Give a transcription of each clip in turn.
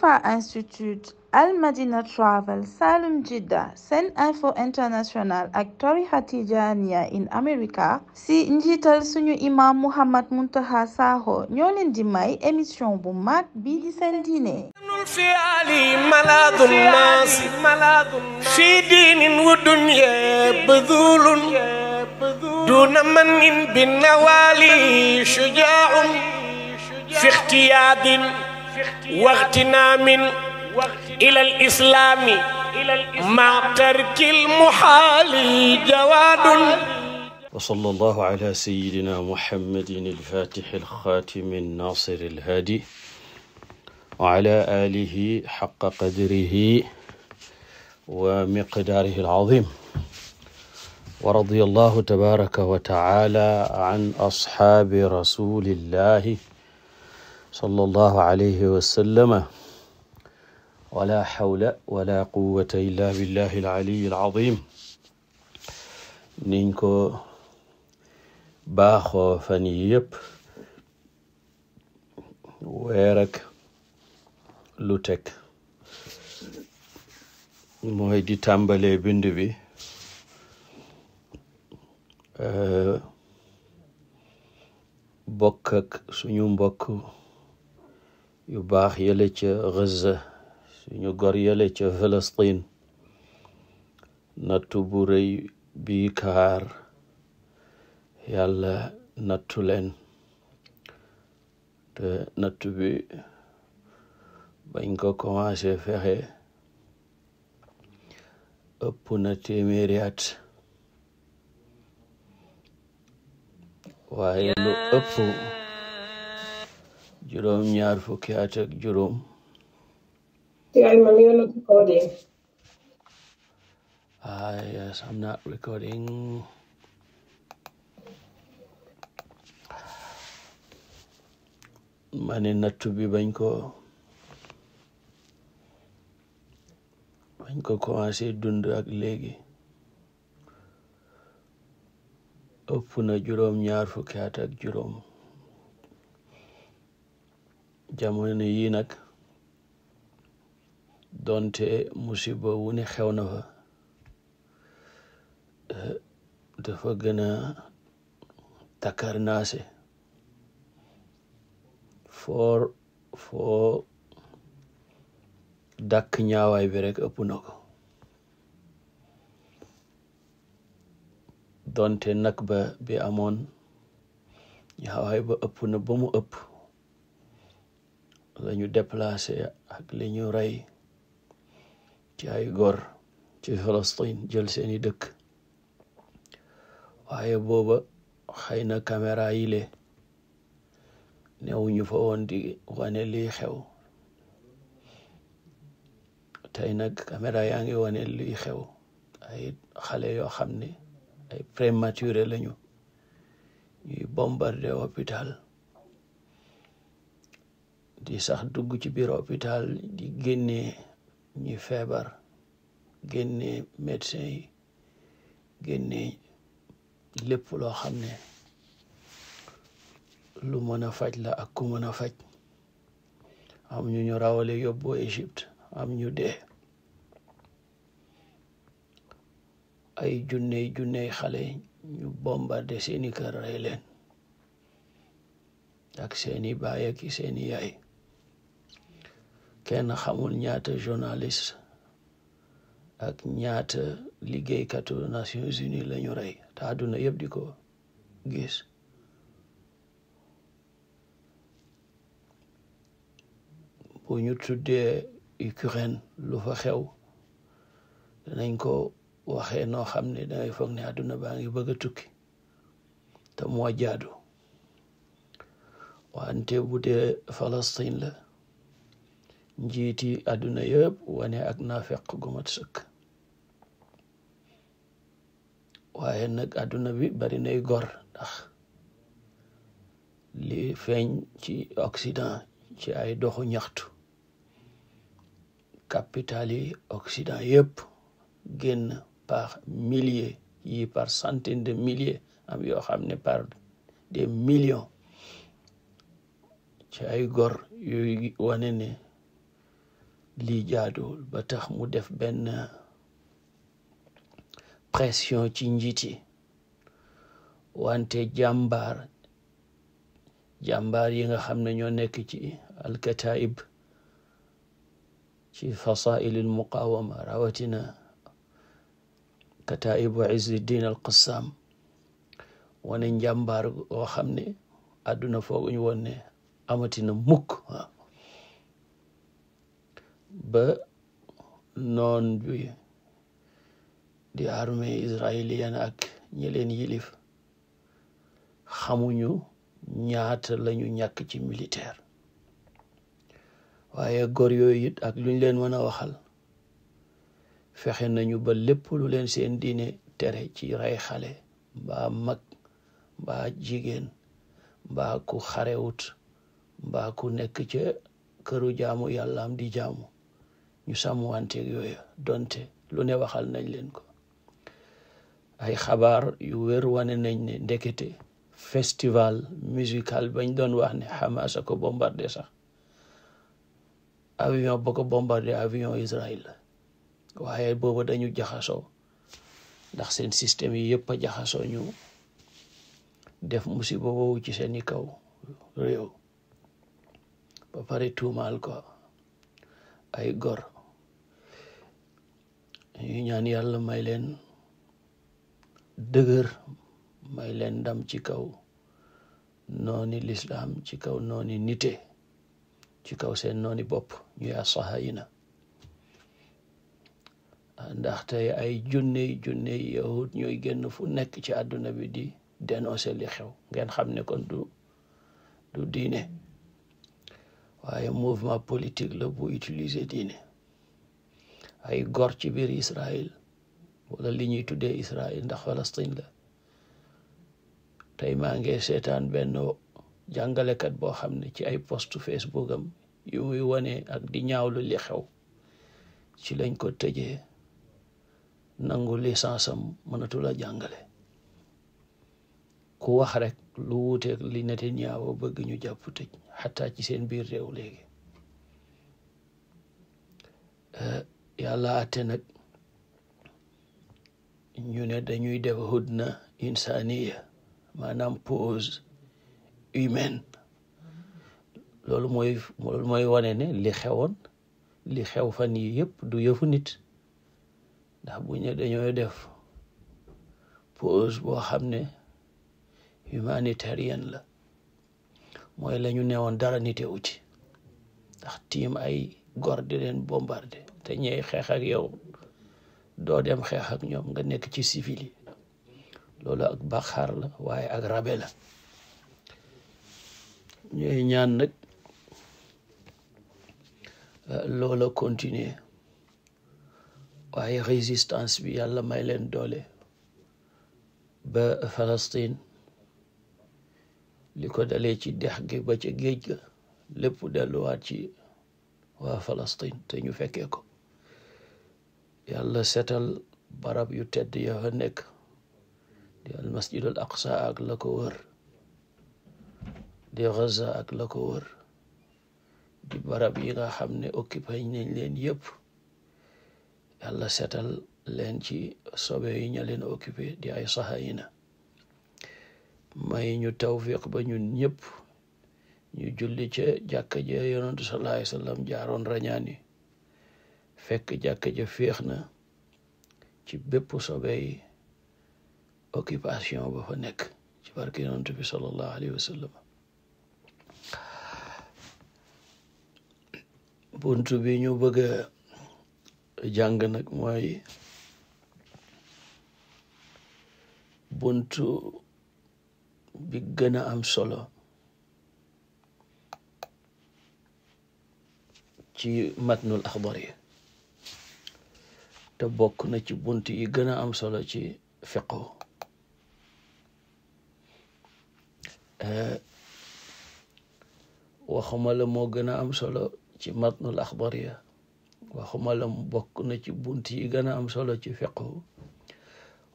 ITFA institute al madina travel salum jidda sen info international ak tarixa tijaaniya in america si njiital suñu imam muhammad muntaha sakho ñoo leen di may émission bu mag bii di seen diine fiali maladu nas fi diinin wa dunya badulun duna manin bi nawali shujaa fi ixtiyaadin واغتنا من إلى الإسلام مع ترك المحال جواد وصلى الله على سيدنا محمد الفاتح الخاتم الناصر الهادي وعلى آله حق قدره ومقداره العظيم ورضي الله تبارك وتعالى عن أصحاب رسول الله sallallahu alayhi wa sallama wala hawla wala quwwata illa billahi al-aliyyi al-azim niñ ko baaxoo fan yi yëpp weer ak lu teg mooy di tàmbalee bind bi euh, bokk ak suñu mbokk yu baax yële ca Gaza suñu gor yële ca Palestine natu bu rëy bii kaar yàlla nattu leen te nattu bi bañ ko commencé fexe ëpp na téeméeri at ëpp juróom ñaar fukki at ak juróom ah nattu bi bañ ko bañ ko commencé dund ak léegi ëpp na juróom ñaar fukki at juróom jamono yii nag donte musiba wu ne xew na fa eh, dafa gën a takarnaase foo foo dàkk ñaawaay bi rek ëpp na ko donte nag ba bi amoon ñaawaay ba ëpp na ba mu ëpp la ñu déplacé ak li ñu rey ci ay góor ci Palestine jël seeni dëkk waaye booba xëy na caméra yile le newuñu fa woon di wane lii xew tey nag caméra yaa ngi wane lii xew ay xale yoo xam ni ay prématuré lañu ñuy bombardé hôpital di sax dugg ci biir hôpital di génnee ñi feebar génnee médecin yi génnee lépp loo xam ne lu mën a faj la ak ku mën a faj am ñu ñu rawale yóbbu Égypte am ñu dee ay junney junney xale ñu bombardé seeni kër rey ak seeni baay ak seeni yaay kenn xamul ñaata journaliste ak ñaata liggéeykatu Nations Unies la ñu rey te àdduna yëpp di ko gis bu ñu tuddee Ukraine lu fa xew danañ ko waxee noo xam ne dangay foog ne àdduna baa ngi bëgg a tukki te moo jaadu wante bu dee la njiiti àdduna yëpp wane ak naafeq gu mat sëkk waaye nag àdduna bi bari nay gor ndax li feeñ ci Occident ci ay doxu ñaxtu capital yi Occident yëpp génn par milliers yi par centaine de milliers am yoo xam ne par des millions ci ay gor yuy wane ne li jaaduwul ba tax mu def benn pression ci njiit wante jàmbaar jàmbaar yi nga xam ne ñoo nekk ci alkataib ci fasailil muqawama rawatina kataibu izzuddin al qassam wane njàmbaar goo xam ne àdduna fooguñ woon ne amatina mukk ba noon bi di armée israélienne ak ñi leen yilif xamuñu ñaata lañu ñàkk ci militaire waaye góor yooyu it ak luñ leen mën a waxal fexe nañu ba lépp lu leen seen diine tere ci rey xale mbaa mag mbaa jigéen mbaa ku xarewut mbaa ku nekk ca këru jaamu am di jaamu ñu sàmwanteeg yooya donte lu ne waxal nañ leen ko ay xabaar yu wér wane nañ ne ndekete festival musical bañ doon wax ne Hamas ko bombardé sax avion ba ko avion Israël la waaye boobu dañu jaxasoo ndax seen système yi yëpp a jaxasoo ñu def musiba boobu ci seeni kaw réew ba pare tuumaal ko ay gor ñu ñaan yàlla may leen dëgër may leen ndam ci kaw nooni lislam ci kaw nooni nite ci kaw seen nooni bopp ñuy asahayina ndaxte ay junney junney yahud ñooy génn fu nekk ci àdduna bi di dénoncer li xew ngeen xam ne kon du diine waaye mouvement politique la bu utiliser diine ay gor ci biir Israël wala li ñuy tuddee Israël ndax Palestine la tey maa ngi seetaan benn jàngalekat boo xam ne ci ay postu Facebook am muy wane ak di ñaawlu li xew ci lañ ko tëjee nangu licence am mënatul a jàngale ku wax rek lu wuuteeg li Netanyahu bëgg ñu jàpp tëj xataa ci seen biir réew léegi eh, yàlla atte nag ñu ne dañuy def hudna insaniya maanaam pause humaine loolu mooy mooy wane ne li xewoon li xew fan yi yëpp du yëfu nit ndax bu ñu dañoo def pause boo xam ne humanitarienne la mooy la ñu newoon dara nitewu ci ndax tiim ay gor di leen bombardé te ñey xeex ak yow doo dem xeex ak ñoom nga nekk ci civil yi loolu ak bàkkaar la waaye ak rabe la ñooy ñaan nag euh, loola continuer waaye résistance bi yàlla may leen doole ba Palestine li ko dalee ci dex gi ba ca géej ga lépp delluwaat ci waa Palestine te ñu fekkee ko yàlla setal barab yu tedd ya fa nekk di al masjidul aqsa ak la ko wër di Gaza ak la ko wër di barab yi nga xam ne occupé nañ leen yëpp yàlla setal leen ci sobe yi ña leen occupé di ay sahaayina may ñu tawfiq ba ñu ñëpp ñu julli ca jàkka ja yonantu sallallahu alayhi wasallam jaaroon rañaani fekk jàkka ja féex na ci bépp sobey occupation ba fa nekk ci barke yonantu bi sallallahu alayhi wasallam buntu bi ñu bëgg jàng nag mooy buntu bi gën a am solo ci matnul axbar yi te bokk na ci bunt yi gën a am solo ci fiqhu eh, waxuma la moo gën a am solo ci mat matnul axbar ya waxuma la bokk na ci bunt yi gën a am solo ci fiqhu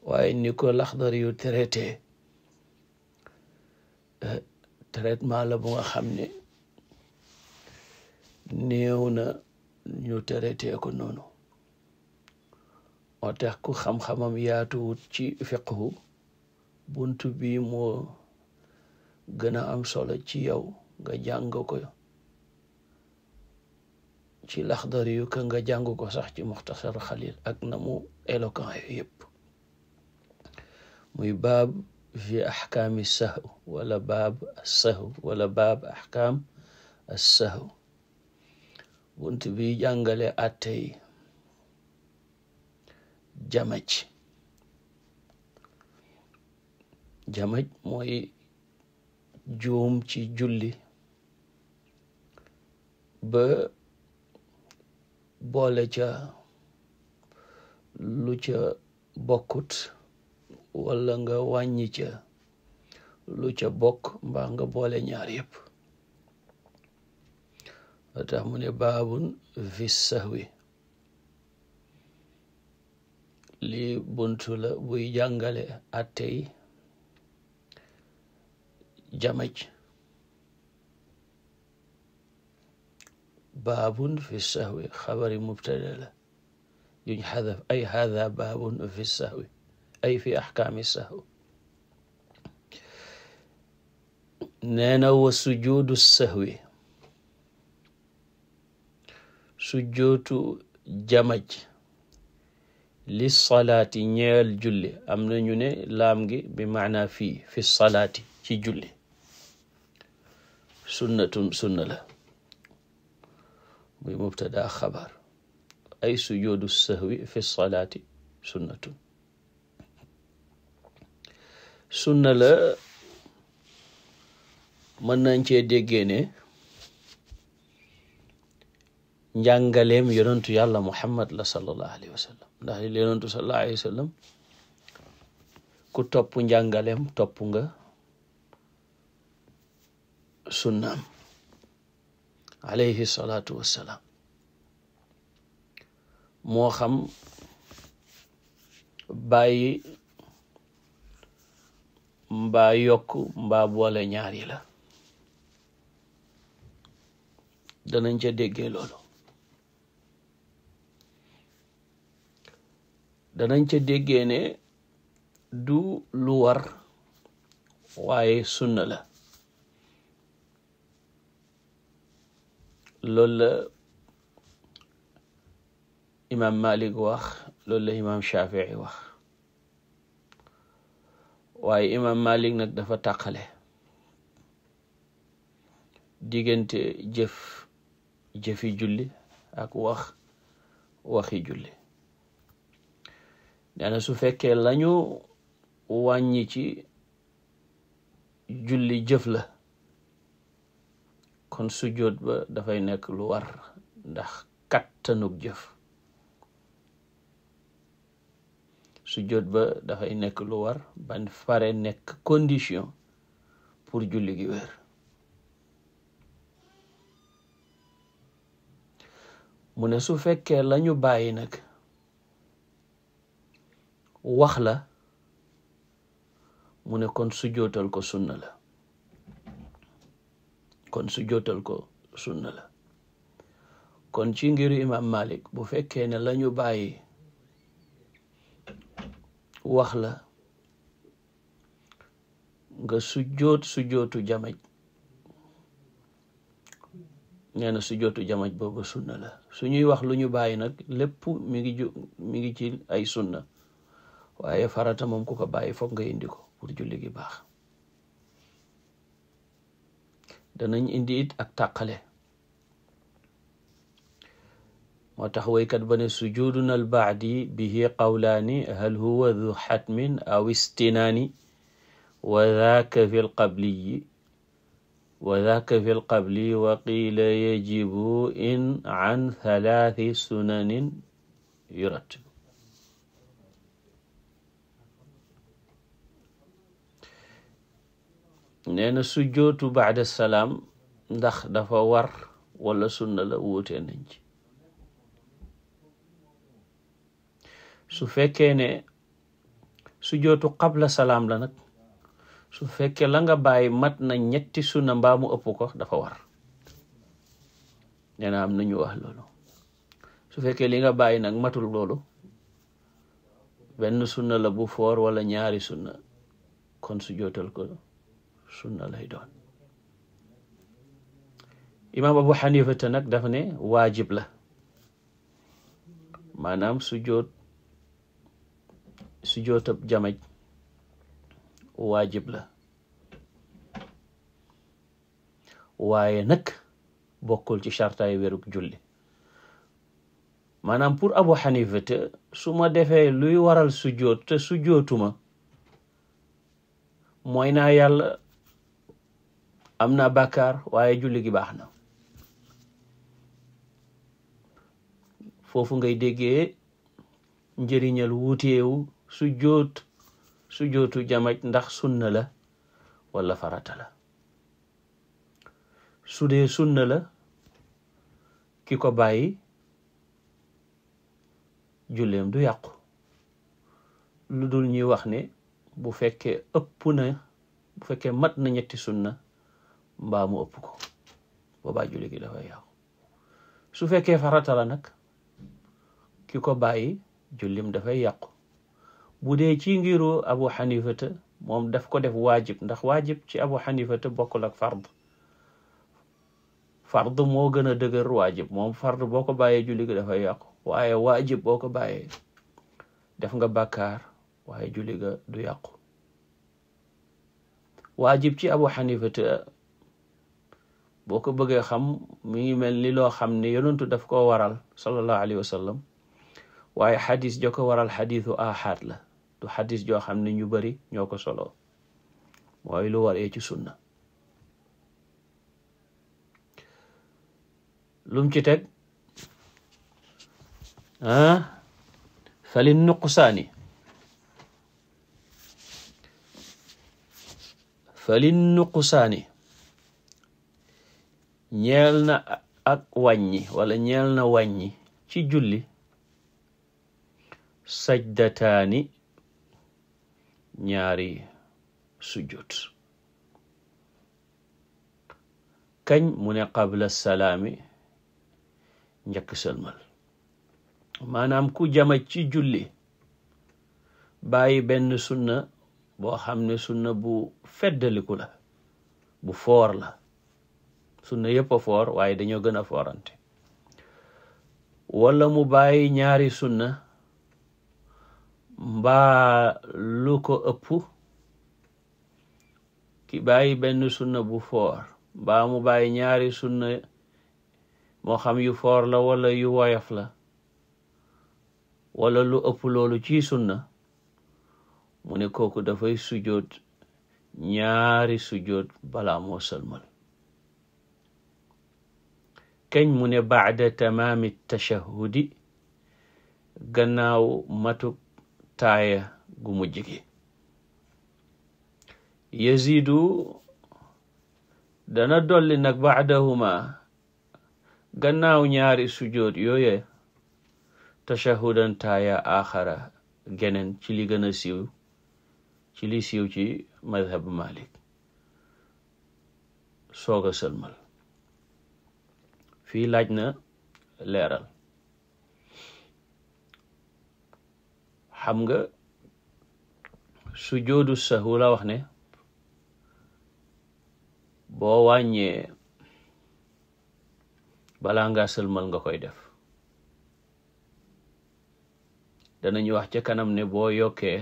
waaye ni ko laxdar yu traité traitement la bu nga xam ne néew na ñu traité ko noonu moo tax ku xam-xamam yaatuwut ci fiqhu bunt bi moo gën a am solo ci yow nga jàng ko ci laxdar yu ka nga jàng ko sax ci muxtasar xalil ak na mu éloquent yooyu yëpp muy baab fi axkaami sahw wala baab sahw wala baab axkaam sahw bi jàngale àttey jamaj jamaj mooy juum ci julli ba boole ca lu ca bokkut wala nga wàññi ca lu ca bokk mbaa boole ñaar yëpp la tax mu ne baabun fi sahwi lii buntu la buy jàngale attey jamaj baabun fi sahwi xabari mubtada la hada baabun fi sahwi ay fi axkaami sahw nee na wa sujuudu sahwi sujootu jamaj li salaati ñeel julli am na ñu ne laam gi bi maana fii fi salaati ci julli sunnatun sunna la muy mubtada xabar ay sujuudu sahwi fi salaati sunnatun sunna la mën nañ cee déggee ne njàngaleem yonentu yàlla muhammad la sallallahu alayhi wa sallam ndax yonentu alayhi wa ku topp njàngaleem topp nga sunnaam alayhi salaatu wassalaam moo xam bàyyi mbaa yokk mba boole ñaari la danañ ca déggee loolu danañ ca déggee ne du lu war waaye sunna la loolu imaam Malik wax loolu la imaam Shafii wax waaye imaam Malik nag dafa tàqale diggante jëf jëfi julli ak wax waxi julli nee su fekkee lañu wàññi ci julli jëf la kon sujjóot ba dafay nekk lu war ndax kattanug jëf sujjóot ba dafay nekk lu war ba fare nekk condition pour julli gi wér mu ne su fekkee lañu bàyyi nag wax la mu ne kon sujjóotal ko sunna la kon sujjóotal ko sunna kon ci ngiru imam Malik bu fekkee ne lañu bàyyi wax la nga sujjoot sujjootu jamaj nee na sujjootu jamaj boobu sunna la suñuy wax lu ñu bàyyi nag lépp mi ngi ju ci ay sunna waaye farata moom ku ko bàyyi foog nga indi ko pour julli gi baax danañ indi it ak tàqale moo tax woykat ba ne sujudun al baadi bihi qawlaani hal huwa du xatmin aw istinaani wa daaka fi lqabliyi wa daaka fi lqabli wa qiila yajibu in an thalathi sunanin yurat nee na sujootu baada salaam ndax dafa war wala sunna la wuute nañ ci su fekkee ne sujootu qabla salaam la nag su fekkee la nga bàyyi mat na ñetti sunna mbaamu ëpp ko dafa war nee am nañu wax loolu su fekkee li nga bàyyi nag matul loolu benn sunna la bu foor wala ñaari sunna kon su jootal ko sunna lay doon imaam abu xanifa te nag dafa ne waajib la maanaam su joot sujootab jamaj waajib la waaye nag bokkul ci chartaay wérug julli maanaam pour Abu Hanifa te su ma defee luy waral sujoot te sujootuma mooy naa yàlla am na bàkkaar waaye julli gi baax na foofu ngay déggee njëriñal wuuteewu su sujjóot sujjóotu jamaj ndax sunna la walla farata la su dee sunna la ki ko bàyyi julleem du yàqu lu dul ñuy wax ne bu fekkee ëpp na bu fekkee mat na ñetti sunna mbaa mu ëpp ko boobaa julli gi dafay yàqu su fekkee farata la nag ki ko bàyyi jullim dafay yàqu bu dee ci ngiru abu xanifata moom def ko def waajib ndax waajib ci abu xanifata bokkul ak fard fard moo gën a dëgër waajib moom fard boo ko bàyyee julli gi dafay yàqu waaye waajib boo ko bàyyee def nga bakkar waaye julli du yàqu waajib ci abu xanifata boo ko bëggee xam mu ngi mel ni loo xam ne yonentu def koo waral sallallahu alayhi wa sallam waaye xadis jo ko waral xadisu ahad la du joo xam ne ñu bari ñoo ko solo waaye lu waree ci sunna lum ci teg ah fali nuqsaani fali nuqsaani na ak wàññi wala ñeel na ci julli sajdataani ñaari sujjut kañ mu ne qabla salaami njëkk sëlmal maanaam ku jama ci julli bàyyi benn sunna boo xam ne sunna bu feddaliku la bu foor la sunna yëpp foor waaye dañoo gën a foorante wala mu bàyyi ñaari sunna mbaa lu ko ëpp ki bàyyi benn sunna bu foor mbaa mu bàyyi ñaari sunna moo xam yu foor la walla yu woyof la wala lu ëpp loolu ci sunna mu ne kooku dafay sujoot ñaari sujoot balaa moo sëlmal keñ mu ne baada tamaami tashahudi gannaaw matuk taaya gu mujj gi yazidu dana dolli nag baadahuma gannaaw ñaari sujood yooye tashahudan taaya axara geneen ci li gën a siiw ci li siiw ci madhab malik sooga sëlmal fii laaj na leeral am nga sujoodu sahwu la wax ne boo wàññee balaa ngaa sëlmal nga koy def danañu wax ca kanam ne boo yokkee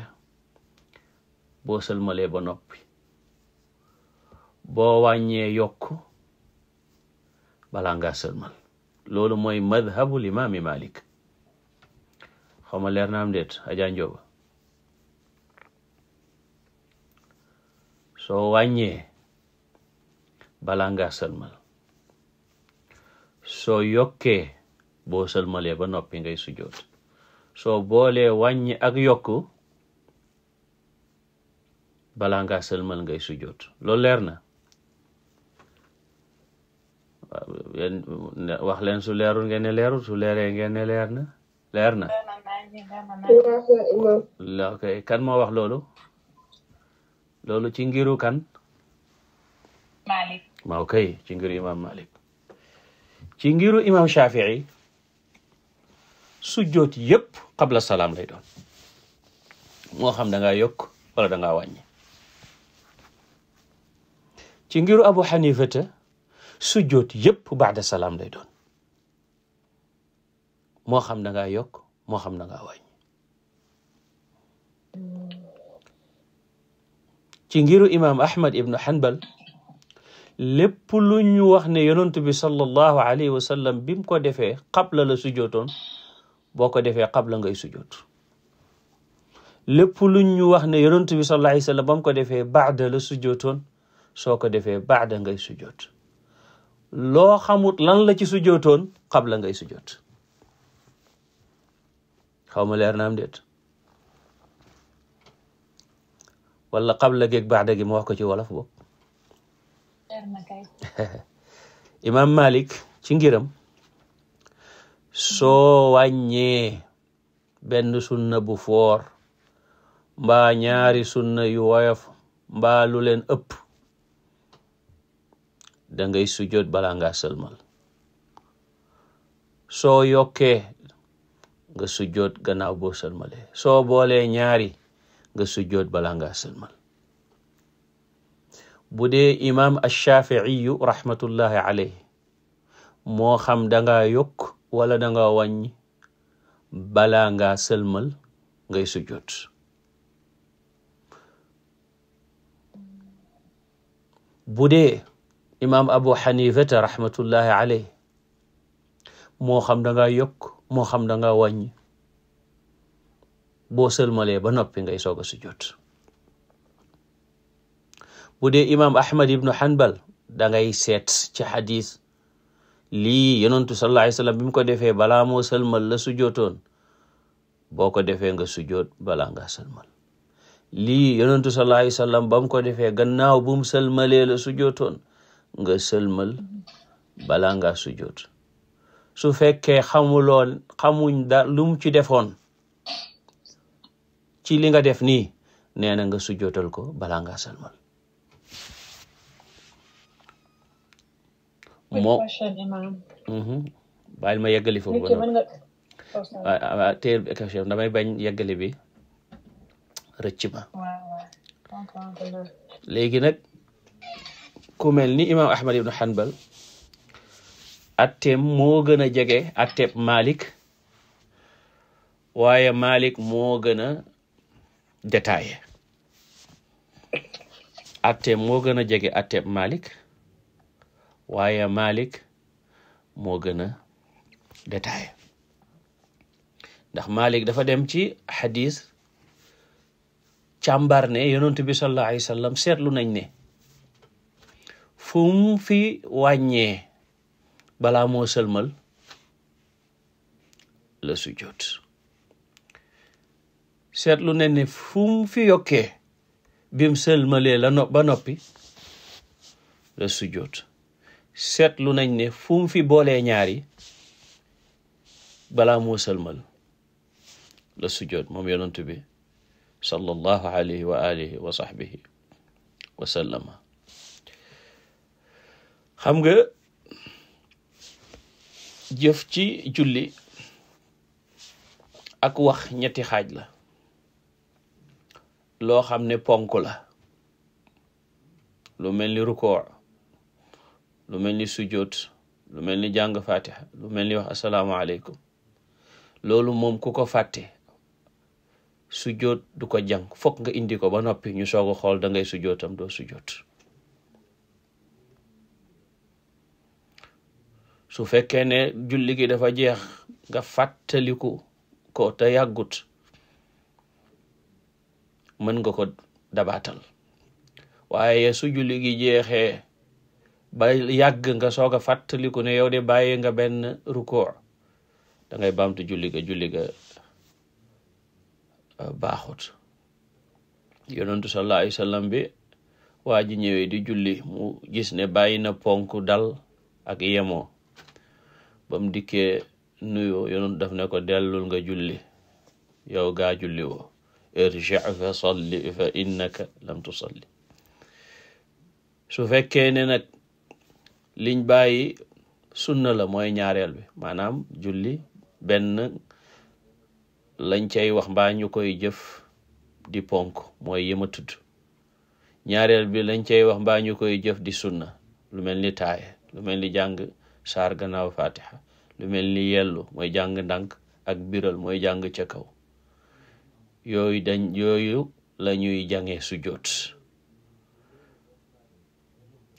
boo sëlmalee ba noppi boo wàññee yokk balaa ngaa sëlmal loolu mooy madhabul imaami Malik xaw ma leer na am déet Adja Ndioba soo wàññee bala nga sëlmal soo yokkee boo sëlmalee ba noppi ngay sujjoot soo boolee wàññi ak yokk bala nga sëlmal ngay sujjoot loolu leer na wax leen su leeru ngeen ne leerul su leeree ngeen leer na leer na ok kan moo wax loolu loolu ci ngiru kan Malik ma ok ci ngiru imam Malik ci ngiru imam Shafii sujjoot yëpp qabla salaam lay doon moo xam danga yokk wala danga ngaa wàññi ci ngiru Abu Hanifata sujjoot yëpp baada salaam lay doon moo xam da ngaa yokk moo xam na ngaa wàññi ci ngiru imaam Ahmad ibnu Hanbal lépp lu ñu wax ne yonent bi sallallahu alayhi wa sallam bi mu ko defee xabla la sujootoon boo ko defee xabla ngay sujoot lépp lu ñu wax ne yonent bi sallallahu alayhi wa sallam ba mu ko defee baada la sujootoon soo ko defee baada ngay sujoot loo xamut lan la ci sujootoon xabla ngay sujoot xaw ma leer na am déet wala qabla geeg ba'da gi mu wax ko ci wolof bokk imaam Malik ci ngiram soo wàññee benn sunna bu foor mbaa ñaari sunna yu woyof mbaa lu leen ëpp da ngay sujjoot balaa ngaa sëlmal soo yokkee nga sujjoot gannaaw boo sëlmale soo boolee ñaari nga sujjoot balaa ngaa sëlmal bu dee imaam ash-Shafi'iyu rahmatullahi moo xam dangaa yokk wala dangaa wàññi bala ngaa sëlmal ngay sujjoot bu dee imaam Abu Hanifata rahmatullahi moo xam dangaa yokk moo xam danga nga wàññi boo sëlmalee ba noppi ngay soog a sujjoot bu dee imam Ahmad ibnu Hanbal da ngay seet ci xadis lii yonentu sallallahu alayhi wa mu ko defee balaa moo sëlmal la sujjootoon boo ko defee nga sujjoot bala nga sëlmal lii yonentu sallallahu alayhi wa ba mu ko defee gannaaw bu mu sëlmalee la sujjootoon nga sëlmal balaa nga sujjoot su fekkee xamuloon xamuñ da lum ci defoon ci li nga def nii nee na nga sujjootal ko balaa ngaa salmal moo mhm. bàyyi ma yeggali foofu ah, ah, teel question damay bañ yeggali bi rëcc ma léegi nag ku mel ni imaam Ahmad ibn Hanbal atteem moo a jege atteeb Malik waaye Malik moo gën a détaillé atteem moo gën a jege atteeb waaye Malik moo gën a détaillé ndax Malik dafa dem ci xadis càmbar ne yonent bi sallallahu alayhi seetlu nañ ne fu mu fi wàññee balaa moo sëlmal la sujjóot seetlu ne ni fu mu fi yokkee bim sëlmalee la no ba noppi la sujjóot seetlu nañ ne fu mu fi boolee ñaari balaa moo sëlmal la sujjóot moom yonent bi sallallahu alayhi wa alihi wa sahbihi wa sallama xam nga jëf ci julli ak wax ñetti xaaj la loo xam ne ponk la lu mel ni rukoo lu mel ni sujoot lu mel ni jàng fatiha lu mel ni wax asalaamaaleykum loolu moom ku ko fàtte sujoot du ko jàng fok nga indi ko ba noppi ñu soog a xool da ngay sujootam doo sujoot su fekkee ne julli gi dafa jeex nga fàttaliku ko te yàggut mën nga ko dabaatal waaye su julli gi jeexee ba yàgg nga soog a fàttaliku ne yow de bàyyi nga benn rukoor da ngay julli ga julli ga euh, baaxut yonentu sallallahu alayhi wa sallam bi waa ñëwee di julli mu gis ne bàyyi na ponk dal ak yemoo ba mu dikkee nuyoo yonent daf ne ko dellul nga julli yow gaa julli woo irji fa salli fa innaka lam tusalli su fekkee ne nag liñ bàyyi sunna la mooy ñaareel bi maanaam julli benn lañ cay wax mbaañu koy jëf di ponk mooy yi ma tudd ñaareel bi lañ cay wax mbaañu koy jëf di sunna lu mel ni taaye lu mel ni jàng saar gannaaw fatiha lu mel ni yellu mooy jàng ndànk ak biral mooy jàng ca kaw yooyu dañ yooyu la ñuy jàngee sujjóot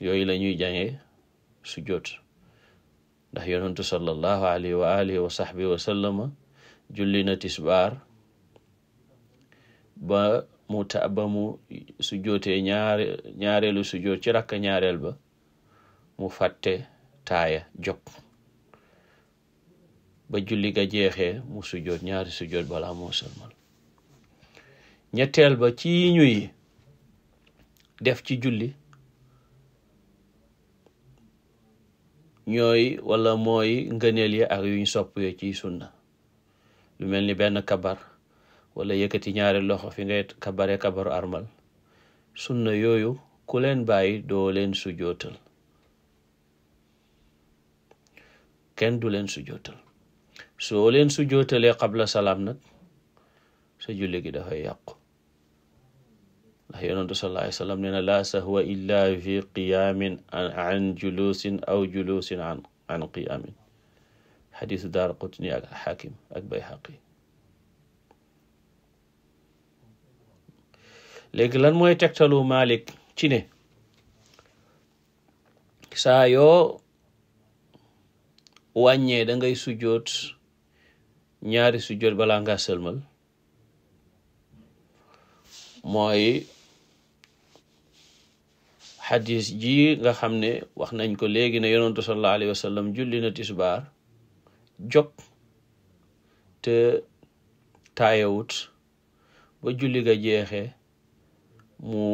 yooyu la ñuy jàngee sujjóot ndax yonentu sallallahu alayhi wa alihi wa sahbihi wa sallama julli na tisbaar ba mu ta ba mu sujjootee ñaare ñaareelu sujjoot ci rakka ñaareel ba mu fàtte taaya jóg ba julli ga jeexee mu sujjoot ñaari sujjoot balaa moo sëlmal ñetteel ba ci ñuy def ci julli ñooy walla mooy ngëneel yi ak yuñ sopp yo ci sunna lu mel ni benn kabar wala yëkkati ñaari loxo fi ngay kabare kabaru armal sunna yooyu ku leen bàyyi doo leen sujjootal kenn du leen sujjootal soo leen su jootalee xabla salaam nag sa julli gi dafay yàqu ndax yonentu sallallahu alayhi wa sallam nee na laa sahwa fi qiyaamin an julusin aw julusin an an qiyaamin xadisu daar qutni ak xaakim ak bayxaqi léegi lan mooy tegtalu Malik ci ne saa yoo wàññee da ngay sujjoot ñaari sujjóot balaa nga sëlmal mooy hadis ji nga xam ne wax nañ ko léegi na yonentu sallallahu alayhi wa sallam julli na tisbaar jóg te taayawut ba julli ga jeexe mu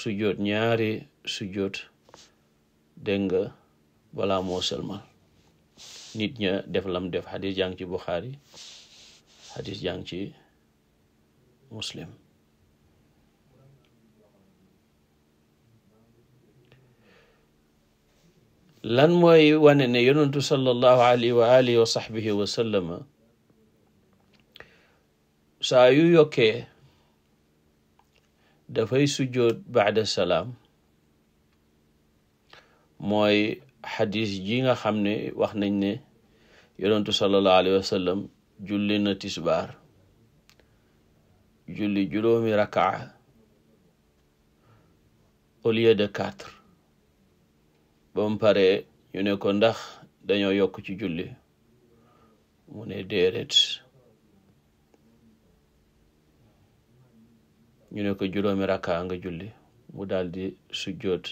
sujjóot ñaari sujjóot dégg nga balaa moo sëlmal nit ña def lam def xadis jàng ci Buxaari xadis jàng ci Muslim lan mooy wane ne yonentu sallallahu alayhi wa alihi wa sahbihi wa sallama saa yu yokkee dafay sujjoot baada salaam mooy xadis ji nga xam ne wax nañ ne yonentu sallallahu alayhi wasallam julli na tisbaar julli juróomi rakaa au de quatre ba mu paree ko ndax dañoo yokk ci julli mu ne déedéet ko juróomi rakka nga julli mu daldi di sujjoot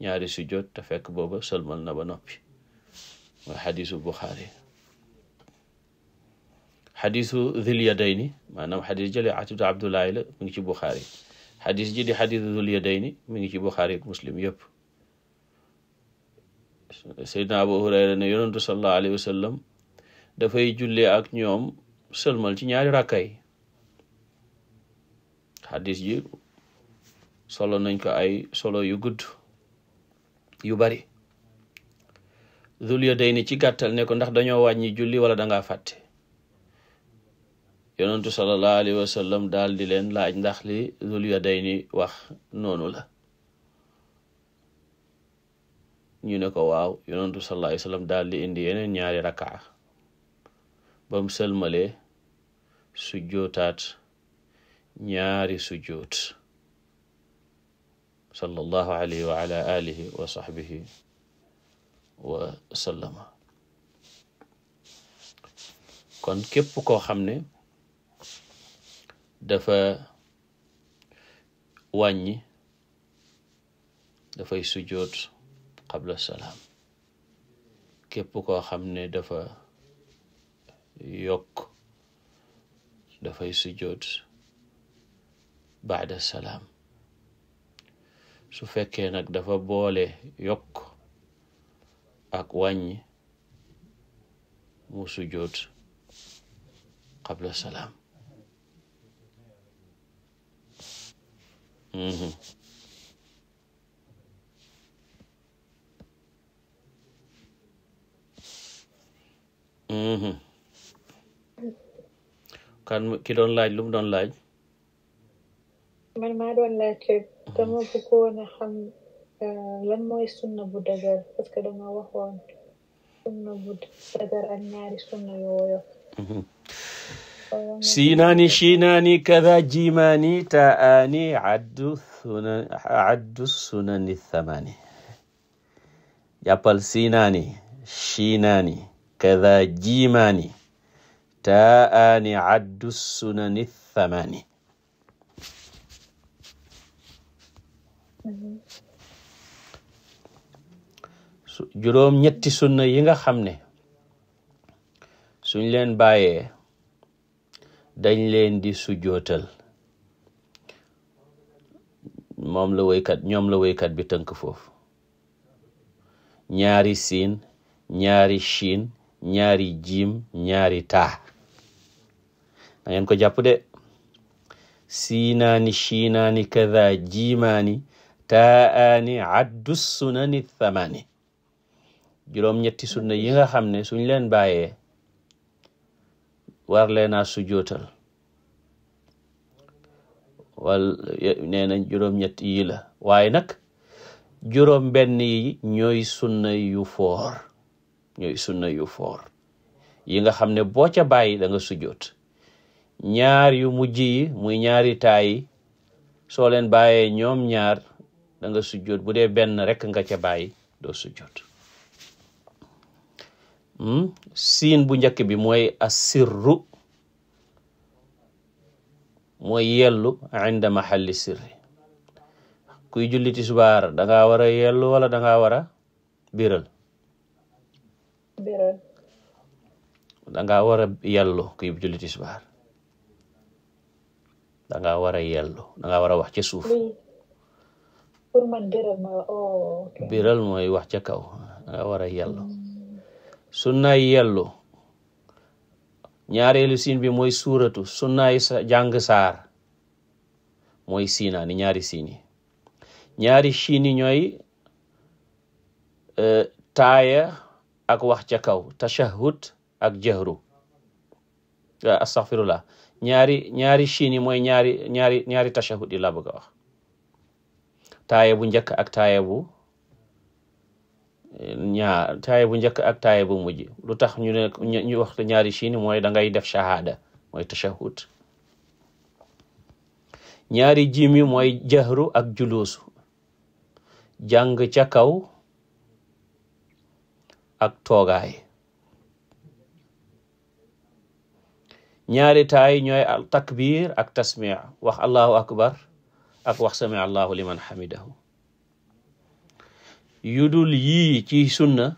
ñaari sujjoot te fekk booba sëlmal na ba noppi mooy xadiisu Buxaari xadisu dhul yadayni maanaam xadis jële atibta abdoulahi la mi ngi ci buxaari xadis ji di xadisu dhul yadayni mi ngi ci buxaari ak muslim yëpp seydna abu hurayra ne yonentu sallallahu alayhi wa dafay jullee ak ñoom sëlmal ci ñaari rakkay xadis ji solo nañ ko ay solo yu gudd yu bari dhul yadayni ci gàttal ne ko ndax dañoo wàññi julli wala dangaa fàtte yonentu sallallahu alayhi wasallam daal di leen laaj ndax li Zul Yadayni wax noonu la ñu ne ko waaw yonentu sallallahu alayhi wasallam daal di indi yeneen ñaari rakaa ba mu sëlmalee sujjootaat ñaari sujjoot sallallahu alayhi wa ala alihi wa sahbihi wa sallama kon képp koo xam ne dafa wàññi dafay sujoot qabla salaam képp koo xam ne dafa yokk dafay sujoot baada salaam su fekkee nag dafa boole yokk ak wàññi mu sujoot qabla salaam kan ki doon laaj lum mu doon laaj. man maa doon laajte dama bëggoon a xam eh, lan mooy sunna bu dëgër parce que dama waxoon sunna bu dëgër ak ñaari sunna yu woyof mhm. siinaani shiinaani kada jimaani taani addu sunani thamani jàppal siinaani shiinaani kada jimaani taani addu sunani thamani juróom ñetti sunna yi nga xam ne suñ leen bàyyee dañ leen di sujjootal moom la woykat ñoom la woykat bi tënk foofu ñaari siin ñaari shiin ñaari jiim ñaari taa da ko jàpp de siinaani shiinaani kada jiimaani taa'aani addu sunani thamaani juróom ñetti sunna yi nga xam ne suñ leen bàyyee war na a sujootal wal nee na juróom-ñett yi la waaye nag juróom yi ñooy sunna yu foor yi nga xam ne boo ca bàyyi da nga sujoot ñaar yu mujj yi muy ñaari taay yi soo leen bàyyee ñoom ñaar da nga sujoot bu dee benn rek nga ca bàyyi doo Hmm? siin bu njëkk bi mooy assirru mooy yellu inda mahalli sirri kuy julli tisbaar da ngaa war a yellu wala da ngaa war a biral da ngaa war a yellu kuy julli tisbaar da ngaa war a yellu danga ngaa war a wax ca suuf oh, biral mooy wax ca kaw da ngaa war a yellu mm. sunnaay yellu ñaareelu siin bi mooy suuratu sunnaay sa saar mooy siinaani ñaari siini ñaari siin ñooy eh, taaya ak wax ca kaw tashahud ak jahru astaghfirullah ñaari ñaari siin mooy ñaari ñaari yi la bëgg a bu njëkk ak taaya bu ñaar taaye bu njëkk ak taaye bu mujj lu tax ñu ne ñaari chiin mooy dangay def shahada mooy tashahud ñaari jiim yi mooy jahru ak juluusu jàng ca kaw ak toogaay ñaari taay ñooy al takbir ak tasmia wax allahu akbar ak wax sami allahu liman hamidahu yu dul yii ci sunna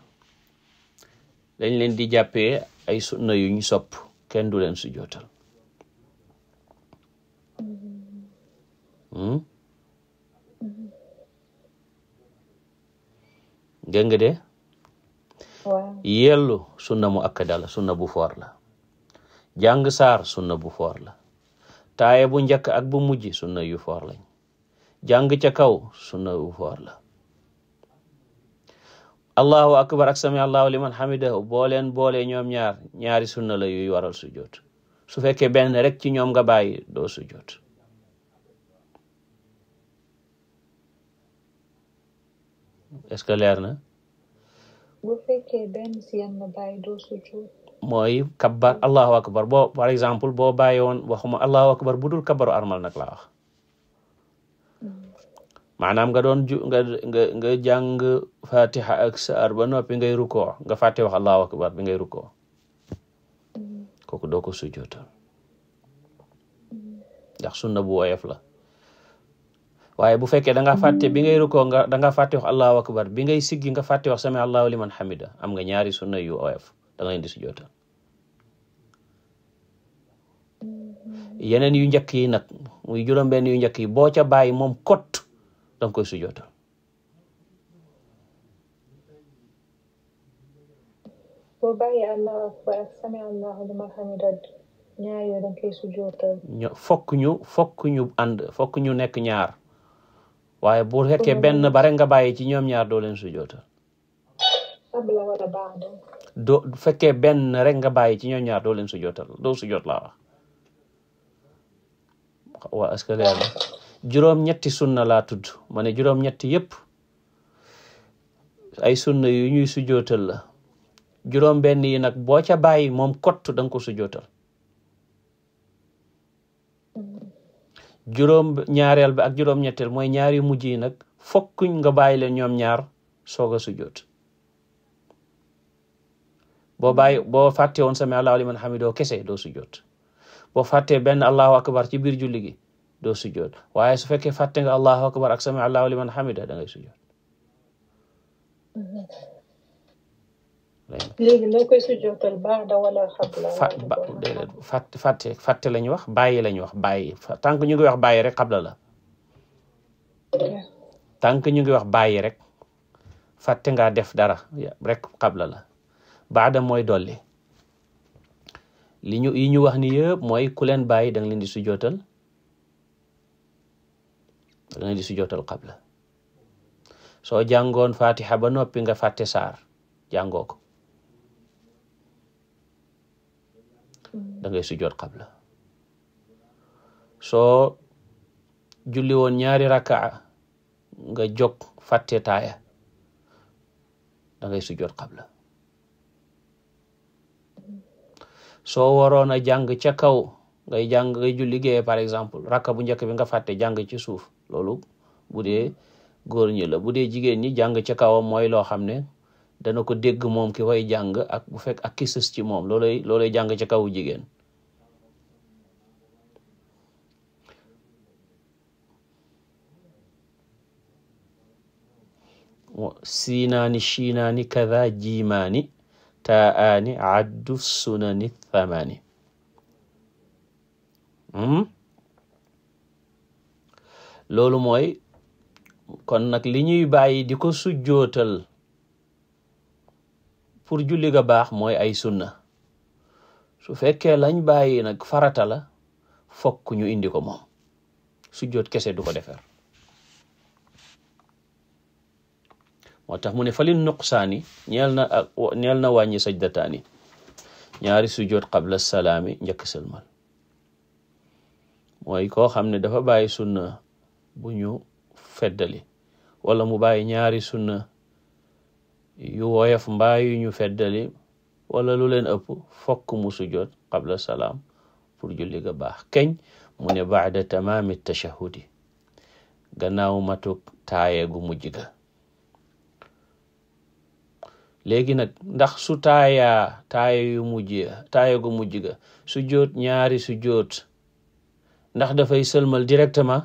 dañ leen di jàppee ay sunna yuñ sopp kenn du leen su jootal hmm? dégg nga de yellu sunna mu akkada la sunna bu foor la jàng saar sunna bu foor la taaye bu njëkk ak bu mujj sunna yu foor lañ jàng ca kaw sunna bu foor la allahu akbar ak sami allahu liman hamidahu boo leen boolee ñoom ñaar ñaari sunna la yuy waral sujjoot su fekkee benn rek ci ñoom nga bàyyi doo sujjoot est-ce que leer na bu fekkee benn si yéen nga bàyyi mooy kabbar allahu akbar boo par exemple boo bàyyi woon waxuma allahu akbar budul kabbaru armal nag laa wax maanaam nga doon ju nga nga jàng fatiha ak saar ba ngay rukkoo nga fàtte wax allahu akbar bi ngay ruko kooku doo ko sujjootal ndax sunna bu woyof la waaye bu fekkee danga nga bi ngay rukkoo nga da nga fàtte wax allahu akbar bi ngay siggi nga fàtte wax sami allahu liman hamida am nga ñaari sunna yu woyof da nga leen yeneen yu njëkk yi nag muy benn yu njëkk yi boo ca bàyyi moom kot danga koy sujjootal boo ñu fokk ñu fokk ñu ànd fokk ñu nekk ñaar waaye bu fekkee benn ba rek nga bàyyi ci ñoom ñaar doo leen sujjootal qabla wala doo benn rek nga bàyyi ci ñoom ñaar doo leen sujjootal doo sujjoot laa wax waa que leer juróom-ñetti sunna laa tudd ma ne juróom-ñetti yépp ay sunna yu ñuy sujootal la juróom benn yi nag boo ca bàyyi moom kottu da nga ko sujootal juróom ñaareel bi ak juróom-ñetteel mooy ñaari mujj yi nag fokkuñ nga bàyyi leen ñoom ñaar soog a sujoot boo bàyyi boo fàtte woon sami allahu liman hamidahu kese doo sujoot boo fàttee benn allahu akbar ci biir julli gi doo sujjoot waaye su fekkee fàtte nga allahu akbar ak sami allahu liman hamida da ngay sujjoot léegi loo koy sujjootal baada wala xabla fàtte fàtte fàtte lañu wax bàyyi lañu wax bàyyi tant que ñu ngi wax bàyyi rek xabla la tant que ñu ngi wax bàyyi rek fàtte ngaa def dara rek xabla la baada mooy dolli li ñu yi ñu wax ni yëpp mooy ku leen bàyyi da nga leen di sujjootal da nga di sujootal qabla soo jàngoon fatiha ba noppi nga fàtte saar jàngoo ko da sujoot qabla soo julli woon ñaari rakaa nga jóg fàtte taaya da ngay sujoot qabla soo waroon a jàng ca kaw ngay jàng ngay julli gee par exemple raka bu njëkk bi nga fàtte jàng ci suuf loolu bu dee góor la bu dee jigéen ñi jàng ca kawam loo xam ne dana ko dégg moom ki way jàng ak bu ci moom loolay jàng ca kawu jigéen siinaani shiinaani kada jiimaani taaani addu sunani thamaani hmm? loolu mooy kon nag li ñuy bàyyi di ko sujjootal pour julli ga baax mooy ay sunna su fekkee lañ bàyyi nag farata la fokk ñu indi ko moom sujjoot kese du ko defer moo tax mu ne falin nuqsaani ñeel na ak na wàññi sajdataani ñaari sujjoot qabla salaami njëkk sëlmal mooy koo xam ne dafa bàyyi sunna bu ñu feddali wala mu bàyyi ñaari sunna yu woyof mbaa yu ñu feddali wala lu leen ëpp fokk mu sujjoot qabla salaam pour julli ga baax keñ mu ne baada tamaami tashahudi gannaaw matuk taaye gu mujj ga léegi nag ndax su taayaa taaye mujj taaye gu mujj sujjoot ñaari sujjoot ndax dafay sëlmal directement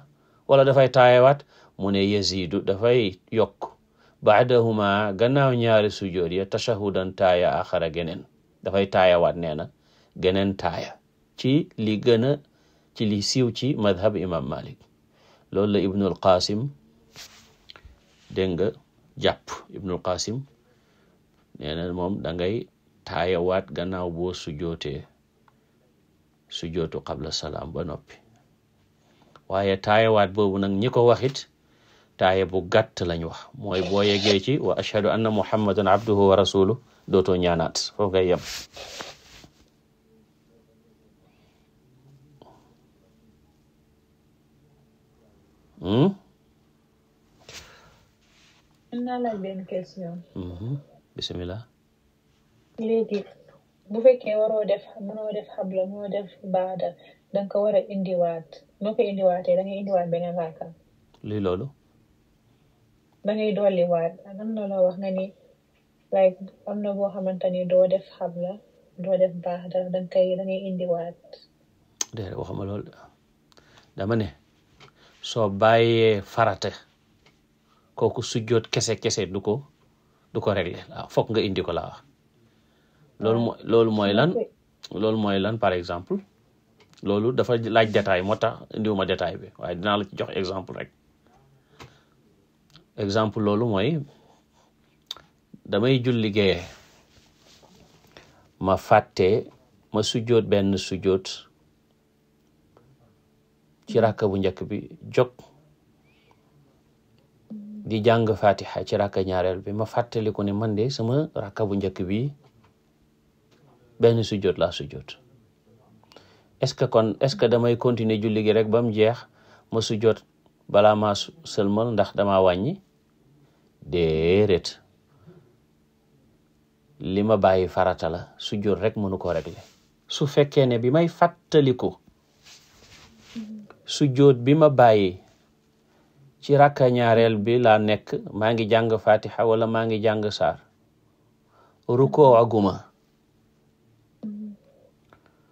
wala dafay taayewaat mu ne yazidu dafay yokk baadahuma gannaaw ñaari sujood ya tashahudan taaya axara geneen dafay taayawaat nee na geneen ci li gën a ci li siw ci madhab imam malik loolu la ibnul qasim dégg nga jàpp ibnul qasim nee moom da ngay taayawaat gannaaw boo sujootee sujootu qabla salaam ba noppi waaye taayawaat boobu nag ñi ko waxit taaye bu gàtt lañ wax mooy boo yeggee ci wa ashhadu anna muhammadan abduhu wa rasuluhu dootoo ñaanaat foofu ngay yem hmm? mën hmm? bu fekkee waroo def mënoo def def baada danga ko war a noo ko indiwaatee da ngay indiwaat beneen raaka. lii loolu. da ngay dolliwaat am na loo wax nga ni like am na boo xamante ni doo def xabla doo def baax dara da nga koy da ngay indiwaat. déedéet waxuma loolu dama ne soo bàyyee farata kooku sujjoot kese kese du ko du ko réglé waaw foog nga indi ko laa wax. loolu mooy loolu mooy lan. loolu mooy lan par exemple. loolu dafa laaj détail moo tax indiwuma détail bi waaye dinaa la ci jox exemple rek exemple loolu mooy damay julli gee ma fàtte ma sujjóot benn sujjóot ci ràkka bu njëkk bi jóg di jàng fatiha ci ràkka ñaareel bi ma fàttaliku ne man de sama ràkka bu njëkk bi benn sujjóot laa sujjóot est-ce que kon est-ce damay continuer julli gi rek ba jeex ma su jot balaa maa sëlmal ndax dama wàññi déedéet li ma bàyyi farata la su jot rek mënu ko régler su fekkee ne bi may fàttaliku su jot bi ma bàyyi ci rakka ñaareel bi laa nekk maa ngi jàng fatiha wala maa ngi jàng saar rukoo aguma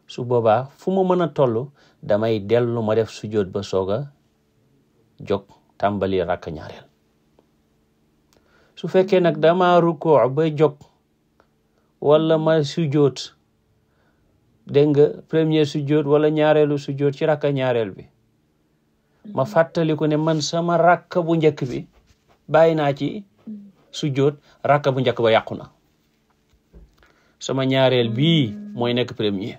su boobaa fu ma mën a toll damay dellu ma def sujjóot ba soog a jóg tàmbali rakk ñaareel su fekkee nag dama rukoo ba jóg wala ma sujjóot dégg nga premier sujjóot wala ñaareelu sujjóot ci rakk ñaareel bi ma fàttaliku ne man sama rakk bu bàyyi naa ci sujjóot rakk bu njëkk ba yàqu na sama ñaareel bii mooy nekk premier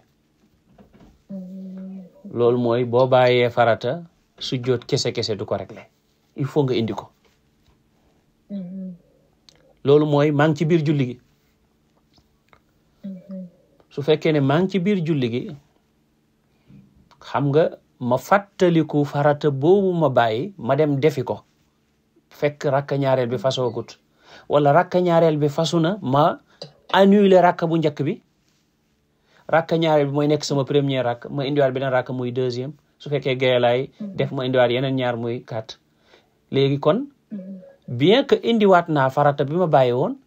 loolu mooy boo bàyyee farata sujjóot kese kese du ko régler il faut nga indi ko loolu mooy maa ngi ci biir julli gi su fekkee ne maa ngi ci biir julli gi xam nga ma fàttaliku farata boobu ma bàyyi ma dem defi ko fekk rakka ñaareel bi fasoogut wala rakka ñaareel bi fasu na ma annuler rakka bu njëkk bi rakk ñaar bi mooy nekk sama première rakk ma indiwaat beneen rakk muy deuxième su fekkee gaye laay mm-hmm. def ma indiwaat yeneen ñaar mooy quatre léegi kon mm-hmm. bien que indiwaat naa farata bi ma bàyyee woon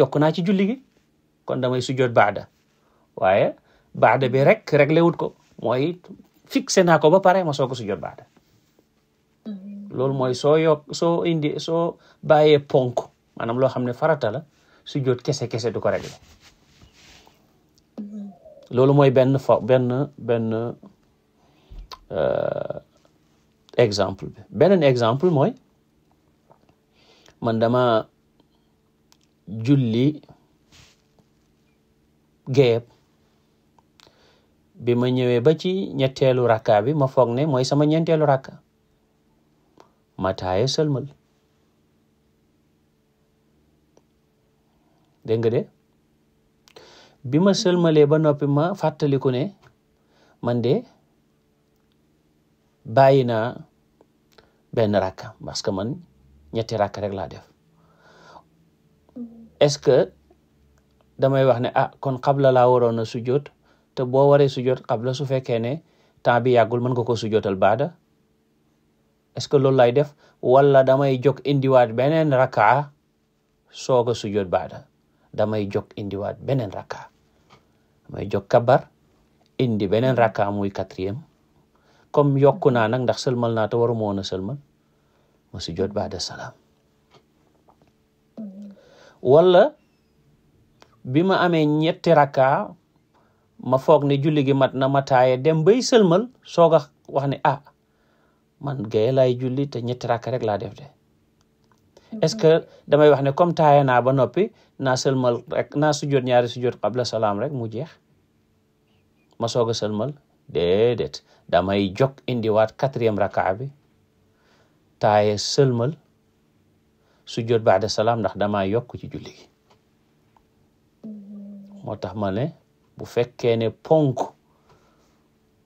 yokk naa ci julli gi kon damay sujjoot baada waaye baada bi rek réglé wut ko mooy fixé naa ko ba pare ma soog a sujjoot baada mm-hmm. loolu mooy soo yokk soo indi soo bàyyee ponk maanaam loo xam ne farata la sujjoot kese kese du ko réglé loolu mooy benn fa benn benn euh, exemple bi beneen exemple mooy man dama julli géeb bi ma ñëwee ba ci ñetteelu rakka bi ma foog ne mooy sama ñeenteelu rakka ma taaye sëlmal dégg nga de bi ma sëlmalee ba noppi ma fàttaliku ne man de bàyyi naa benn rakka parce que man ñetti rakk rek laa def est-ce que damay wax ne ah kon xabla laa waroon a sujjoot te boo waree sujjoot xabla su fekkee ne temps bi yàggul mën nga ko sujjootal baada est-ce que loolu lay def walla damay jóg indiwaat beneen rakka soog a sujjoot baada damay jóg indiwaat beneen rakka may jóg kabar indi beneen rakka muy quatrième comme yokku naa nag ndax sëlmal naa te waruma woon a sëlmal ma si jot baada salaam wala bi ma amee ñetti rakka ma foog ne julli gi mat na mataye dem bay sëlmal soog a wax ne ah man gaye laay julli te ñetti rakka rek laa def est-ce que damay wax ne comme taaye naa ba noppi naa sëlmal rek naa sujjoot ñaari sujjoot qabla salaam rek mu jeex ma soog a sëlmal damay jog indiwaat quatrième rakaa bi taaye sëlmal sujjoot baada salaam ndax damaa yokk ci julli gi moo tax ma ne bu fekkee ne ponk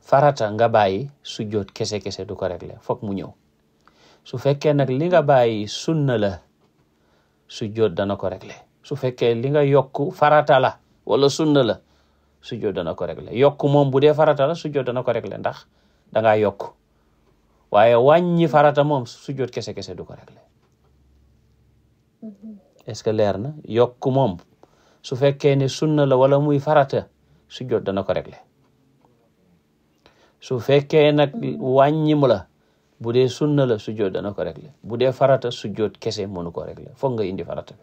farata nga bàyyi sujjoot kese-kese du ko régler foog mu ñëw su fekkee nag li nga bàyyi sunna la su jot dana ko regle su fekkee li nga yokk farata la wala sunna la sujjoot dana ko régler yokk moom bu dee farata la su jot dana ko regle ndax dangaa yokk waaye wàññi farata moom sujjoot kese-kese du ko régler mm-hmm. est-ce que leer na yokk moom su fekkee ne sunna la wala muy farata su jot dana ko regle su fekkee nag mm-hmm. wàññim la bu dee sunna la sujjoot dana ko régler bu dee farata sujjoot kese mënu ko régler foog nga indi farata bi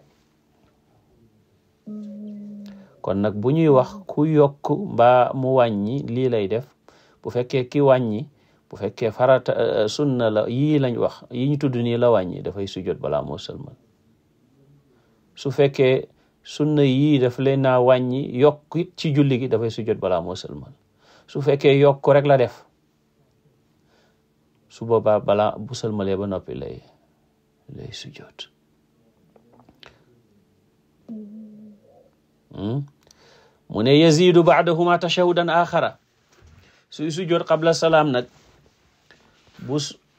kon nag bu ñuy wax ku yokk ba mu wàññi lii lay def bu fekkee ki wàññi bu fekkee farata euh, euh, sunna la yii lañ wax yi ñu tudd nii la wàññi dafay sujjoot balaa moo sëlmal su fekkee sunna yii daf leen naa wàññi yokk ci julli gi dafay sujjoot balaa moo sëlmal su fekkee yokk rek la def su boobaa balaa bu sëlmalee ba noppi lay lay sujjoot hmm? mu ne yazidu baadahuma tashahudan axara suy sujjoot qabla salaam nag bu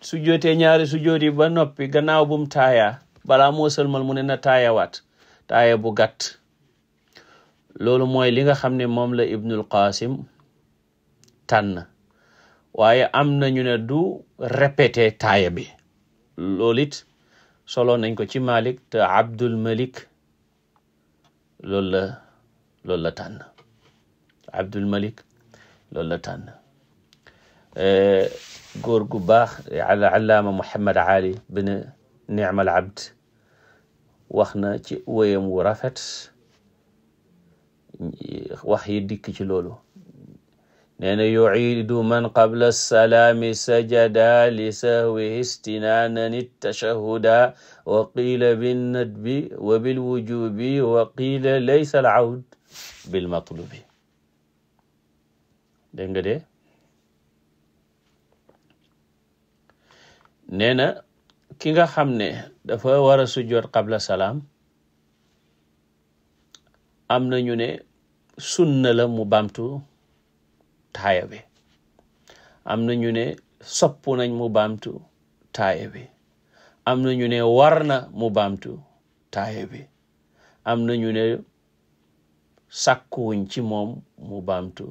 sujjootee ñaari sujjoot yi ba noppi gannaaw bum taaya balaa moo sëlmal mu ne na taayawaat taaya bu gàtt loolu mooy li nga xam ne moom la Ibnul Qasim tànn waaye am nañu ne du répété taaya bi loolu it solo nañ ko ci Malik te Abdul Malik loolu la loolu la tànn Abdul Malik loolu la tànn góor gu baax allaama Muhammad Ali bin Ni'mal Abd wax na ci wéyam wu rafet wax yi dikk ci loolu nee na yuciidu man qabla salaami sajada li sahwihi istinaanan tashahuda wa qiila binnadbi wa bilwujubi wa qiila laysa alcawd bilmatlubi dégg nga de nee na ki nga xam ne dafa war a sujjoot qabla salaam am na ñu ne sunna la mu bamtu taaya bi am na ñu ne sopp nañ mu baamtu taaya bi am na ñu ne war na mu baamtu taaya bi am na ñu ne sàkkuwuñ ci moom mu baamtu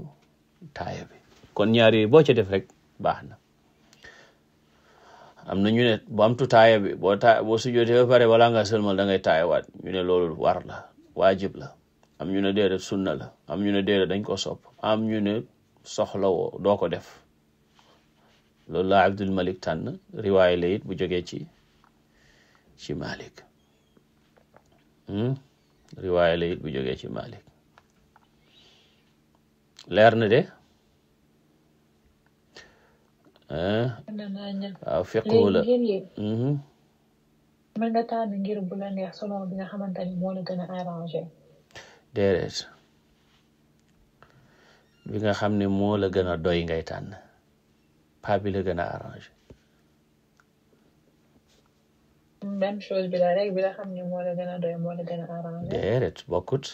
taaya bi kon ñaar yooyu boo ca def rekk baax na am na ñu ne baamtu taaya bi boo ta boo sujjootee ba pare balaa nga sëlmal da ngay taayawaat ñu ne loolu war la waajib la am ñu ne déedéet sunna la am ñu ne dañ ko sopp am ñu soxlawoo doo ko def loolu la Abdul Malik tànn riwaay la bu jógee ci ci Malik hmm? bu jógee ci leer na de waaw fiqhu la hmm? mën nga tànn ngir bu la neex selon bi nga xamante moo la gën a arrangé bi nga xam ne moo la gën a doy ngay tànn pas bi gën a arrangé. même chose bi gën a doy arrangé. bokkut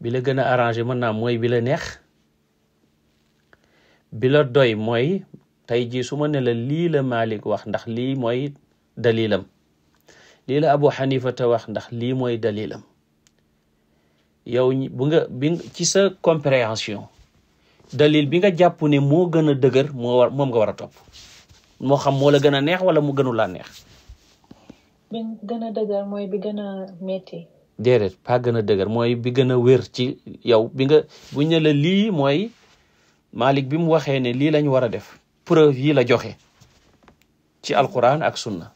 bi la gën a arrangé mën naa mooy bila neex bi la doy mooy tey jii su ma ne la lii la Malik wax ndax lii mooy dalilam lii la Abu Hanifa te wax ndax lii mooy dalilam. yow bu nga bi ci sa compréhension dalil bi nga jàppu ne moo gën a dëgër moo war moom nga war a topp moo xam moo la gën a neex wala mu gënu laa neex. bi gën a dëgër mooy bi gën a métti. déedéet a dëgër mooy bi gën a wér ci yow bi nga bu ñu lii mooy Malik bi mu waxee ne lii lañ war a def preuve yii la joxe ci alquran ak sunna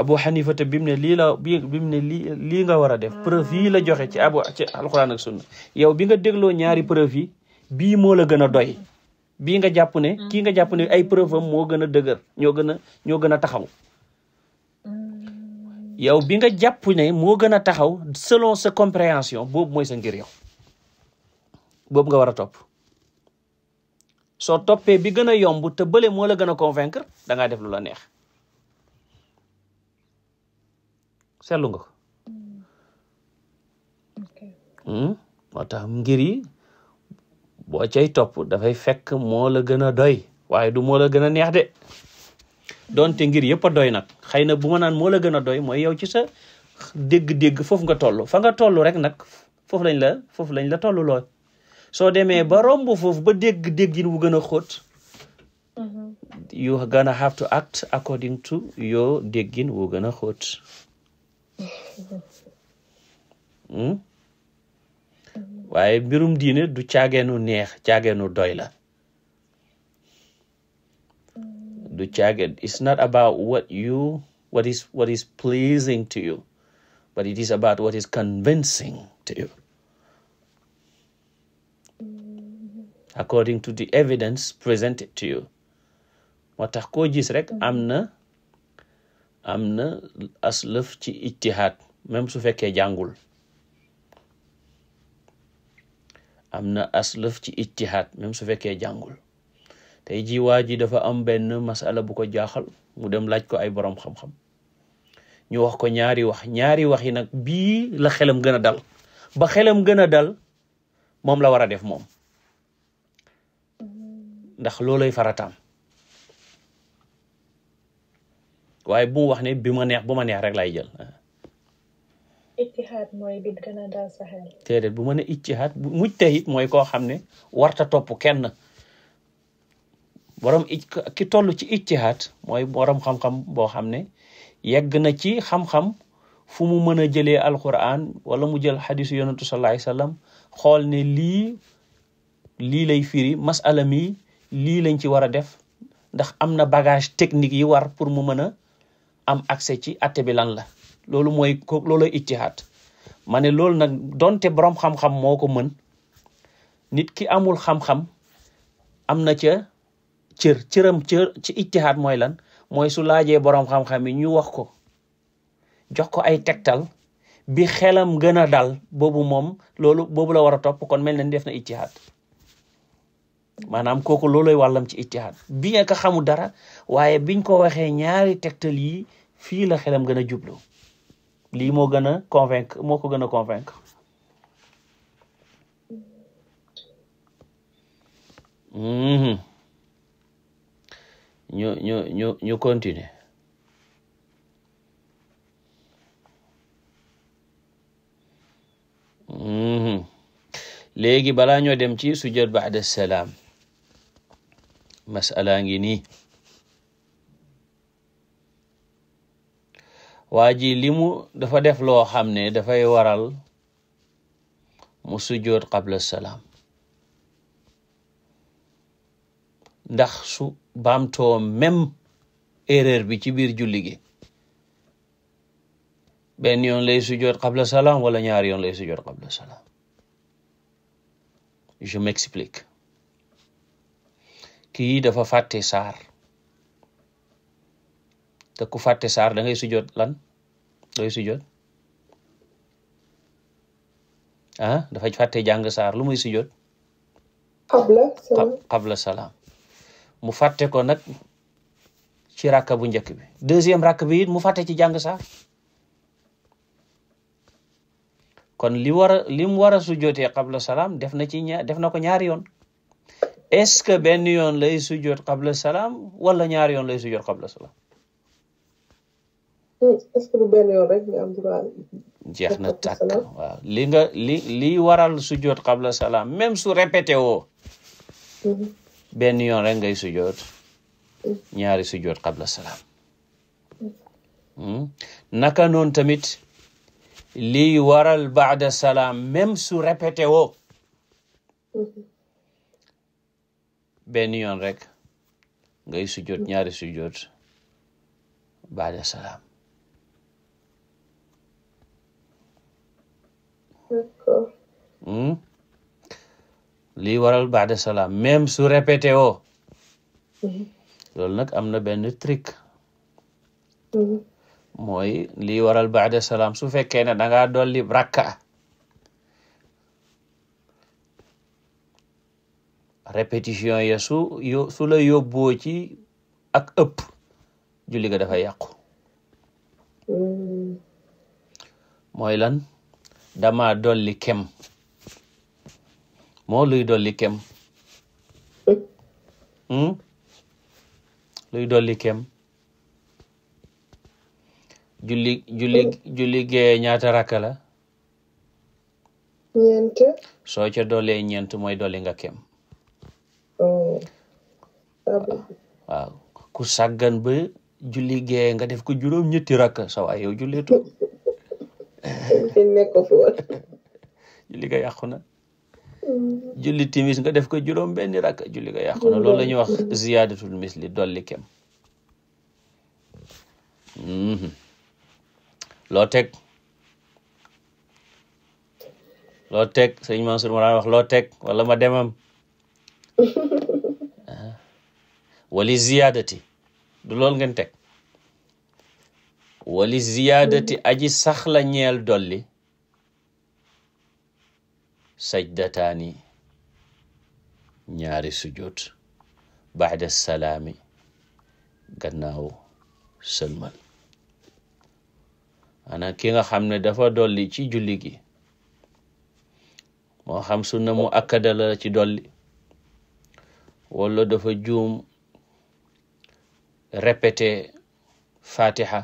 abu xanifa te bi mu ne lii la bi bi mu ne lii lii nga war a def preuve yi la joxe ci abu ci alquran ak sunna yow bi nga dégloo ñaari preuve yi bii moo la gën a doy bii nga jàpp ne kii nga jàpp ne ay preuve moo gën a dëgër ñoo gën a ñoo gën a taxaw yow bi nga jàpp ne moo gën a taxaw selon sa compréhension boobu mooy sa ngir yow boobu nga war a topp soo toppee bi gën a yomb te bële moo la gën a convaincre da ngaa def lu la neex seetlu nga ko. Mm. Mm. moo tax ngir yi boo cay topp dafay fekk moo gën a doy waaye du moo la gën a neex de donte ngir yëpp a doy nag xëy na bu ma naan moo la gën a doy mooy yow ci sa dégg-dégg foofu nga toll fa nga toll rek nag foofu lañ la foofu lañ la toll looy soo demee ba romb foofu ba dégg-dégg yi bu gën a xóot mm-hmm. you gonna have to act according to your déggin wu gën a xóot Hmm? waaye birum diine du caageenu neex caageenu doy la du caageen it's not about what you what is pleasing to you but it is about what is convincing to you according to the evidence presented to you moo tax koo rek am na am na aslëf ci ijtihaad même su fekkee jàngul am na aslëf ci ijtihaad même su fekkee jàngul tey ji waa ji dafa am benn masala bu ko jaaxal mu dem laaj ko ay borom xam-xam ñu wax ko ñaari wax ñaari wax yi nag bii la xelam gën a dal ba xelam gën a dal moom la war a def moom ndax loolay farataam waaye bu mu wax ne bi ma neex bu ma neex rek lay jël. ijtihaad mooy bi gën a dal sa xel. bu ma ne ijtihaad mujtahid mooy koo xam ne warta topp kenn boroom ij ki toll ci ijtihaad mooy borom xam-xam boo xam ne yegg na ci xam-xam fu mu mën a jëlee alquran wala mu jël xadisu yonentu sallallahu alayhi wasallam xool ne lii lii lay firi masala mi lii lañ ci war a def ndax am na bagage technique yi war pour mu mën a am accès ci atte bi lan la loolu mooy ko looloo ijtihaad ma ne loolu nag donte borom xam-xam moo ko mën nit ki amul xam-xam am na ca cër cëram cër ci ijtihaad mooy lan mooy su laajee borom xam-xam yi ñu wax ko jox ko ay tegtal bi xelam gën a dal boobu moom loolu boobu la war a topp kon mel na ni def na ijtihaad maanaam kooku looloy wàllam ci ijtihaad bien que xamul dara waaye biñ ko waxee ñaari tegtal yi fii la xelam gën a jublu lii moo gën a convaincre moo ko gën a convaincre mm-hmm. ñu ñu ñu ñu continuer mm-hmm. léegi balaa ñoo dem ci sujjat ba'da salaam masala ngi nii waa ji li dafa def loo xam ne dafay waral mu sujjoot qabla salaam ndax su baamtoo même erreur bi ci biir julli gi benn yoon lay sujjoot qabla salaam wala ñaari yoon lay sujjoot qabla salaam je m'explique kii dafa fàtte saar te ku fàtte saar dangay ngay sujjoot lan looy sujjoot ah dafa fàtte jàng saar lu muy sujjoot qabla salaam mu fàtte ko nag ci ràkka bu njëkk bi deuxième ràkk bi it mu fàtte ci jàng saar kon li war a li mu war a sujjootee qabla salaam defna ci ña def na ko ñaari yoon est-ce que benn yoon lay sujjoot qabla salaam wala ñaari yoon lay sujjoot qabla salaam Eh, jeex na tàkk li nga li liy waral sujjoot xabla salaam même su répété woo mhm. benn yoon rek ngay sujjoot mhm. ñaari sujjoot xabla salaam mhm. hmm? naka noon tamit li waral baada salaam même su répété woo benn yoon rek ngay sujjoot ñaari sujjoot baada salaam Hmm? lii waral baada salaam même su répété woo hmm. loolu nag am na benn trick hmm. mooy lii waral baada salaam su fekkee ne danga ngaa dolli rakka répétition ya su yo su la yóbboo ci ak ëpp julli ga dafa yàqu mooy lan dama dolli kem moo luy dolli kem hmm? julli julli julli ñaata rakka la ñeent soo ca doolee ñeent mooy dolli nga kem oh. ku sàggan ba julli gee nga def ko juróom ñetti rakka sa waay julli tu seen nekko julli ga yàqu na mm. julli timis nga def ko juróom benni rakk julli ga yàqu na loolu la ñuy wax mm. ziyaadatul misli dolli kem mm-hmm. loo teg loo teg sëñ Mansour ma daan wax loo teg walla ma demam wali ziyaadati du loolu ngeen teg wali ziyaadati aji saxla ñeel dolli sajdataani ñaari sujjoot baxda salaami gannaaw sëlmal ana ki nga xam ne dafa dolli ci julli gi moo xam sunna mu akkada ci dolli wala dafa juum répété fatiha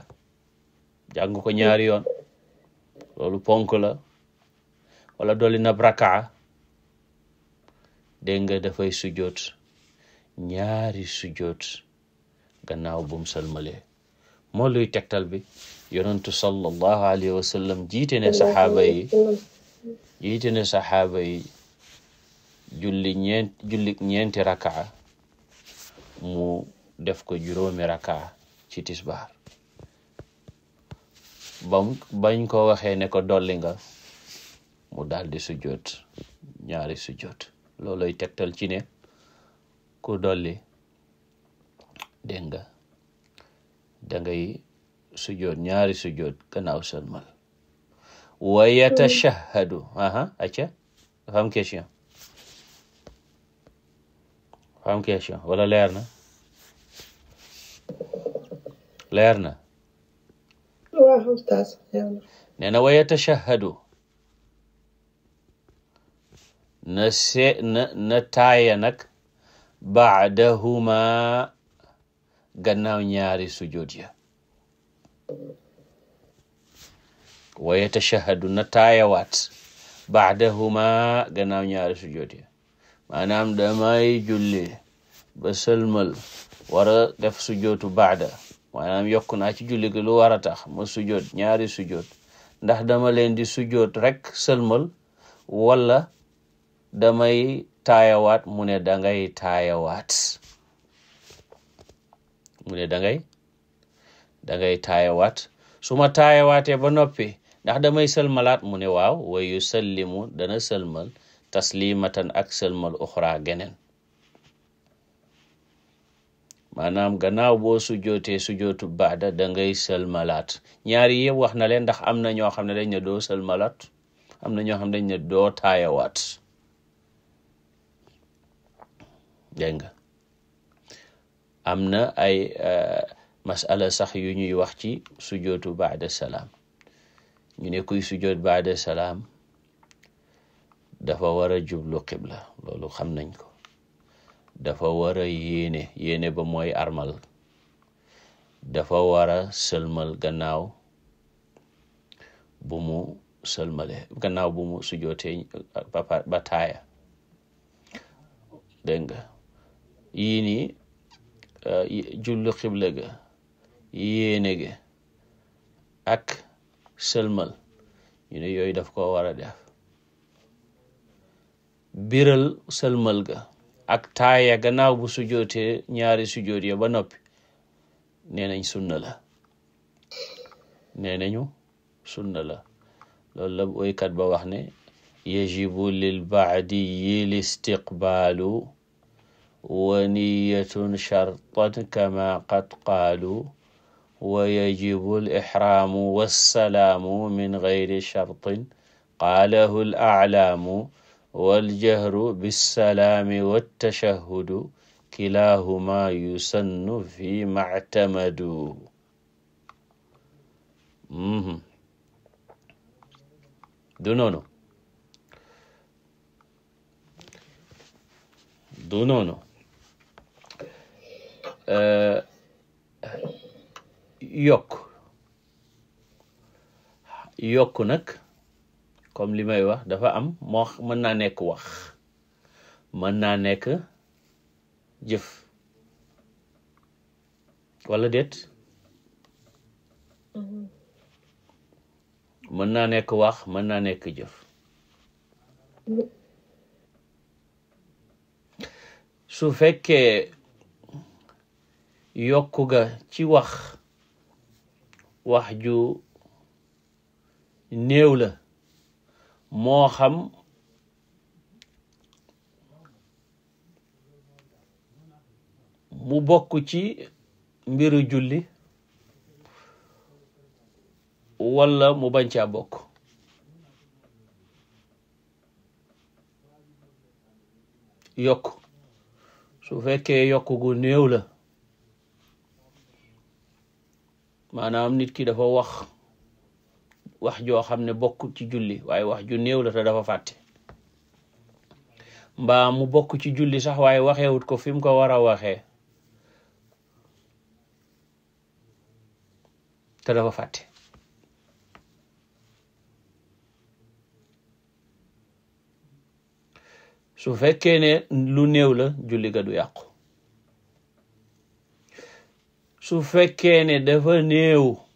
jàng ko ñaari yoon loolu la wala dolli na rakaa dégg nga dafay sujoot ñaari sujoot gannaaw bum salmale moo luy tegtal bi yonentu sallallahu alayhi wa sallam jiite ne saxaaba yi julli ñeent ñeenti rakaa mu def ko juróomi rakaa ci tisbaar bam bañ ko waxee ne ko dolli nga mu daldi di sujjoot ñaari sujjoot looloy tegtal ci ne ku dolli dégg nga da ngay sujjoot ñaari sujjoot gannaaw sëlmal wa yatashahadu aha acca dafa question dafa question wala leer na leer na waaw oustaz nee na na se na taaya nag baadahuma gannaaw ñaari sujud ya wa yatashahadu na taayawaat baadahuma gannaaw ñaari sujud ya maanaam damay julli ba sëlmal war def sujootu baada maanaam yokku naa ci julli gi lu war a tax ma sujoot ñaari sujoot ndax dama leen di sujoot rek sëlmal walla damay taayawaat mu ne da ngay taayawaat mu ne da ngay da ngay taayawaat su ma taayawaatee ba noppi ndax damay sëlmalaat mu ne waaw wa yusallimu dana sëlmal taslimatan ak sëlmal uxra geneen maanaam gannaaw boo sujjootee sujjootu baada da ngay sëlmalaat ñaari yëpp wax na leen ndax am na ñoo xam ne dañ ne doo sëlmalaat am na ñoo xam ne dañ ne doo taayawaat dégg nga am na ay uh, masala sax yu ñuy wax ci sujjootu baada salaam ñu ne kuy sujjoot baada salaam dafa war a jublu qibla loolu xam nañ ko dafa war a yéene ba mooy armal dafa wara a sëlmal gannaaw bu mu sëlmale gannaaw bu sujootee ba taaya dégg nga yii nii uh, jullu xibla ga yéene ga ak sëlmal ñu ne yooyu daf ko war a def biral sëlmal ga ak taaya gannaaw bu sujootee ñaari sujoot ya ba noppi nee nañ sunna la nee nañu sunna la loolu la ba wax ne yajibu lil baadiyi listiqbaalu wa niyatun shartan kama qad qaalu wa yajibu al ihraamu wassalaamu min gayri shartin qaalahu al waljahru bissalaami wattachahudu kilaahumaa yusannu fi mactamadu mm-hmm. du noonu du noonu eh, yokk yokk nag comme li may wax dafa am moo mën naa nekk wax mën naa nekk jëf walla déet mhm. mën naa nekk wax mën naa nekk jëf su fekkee yokku ga ci wax wax ju néew la moo xam mu bokk ci mbiru julli walla mu bañ caa bokk yokk su fekkee yokk gu néew la maanaam nit ki dafa wax wax joo xam ne bokk ci julli waaye wax ju néew la te dafa fàtte mbaa mu bokk ci julli sax waaye waxeewut ko fi mu ko war a waxee te dafa fàtte su fekkee ne lu néew la julli ga du yàqu su fekkee dafa néew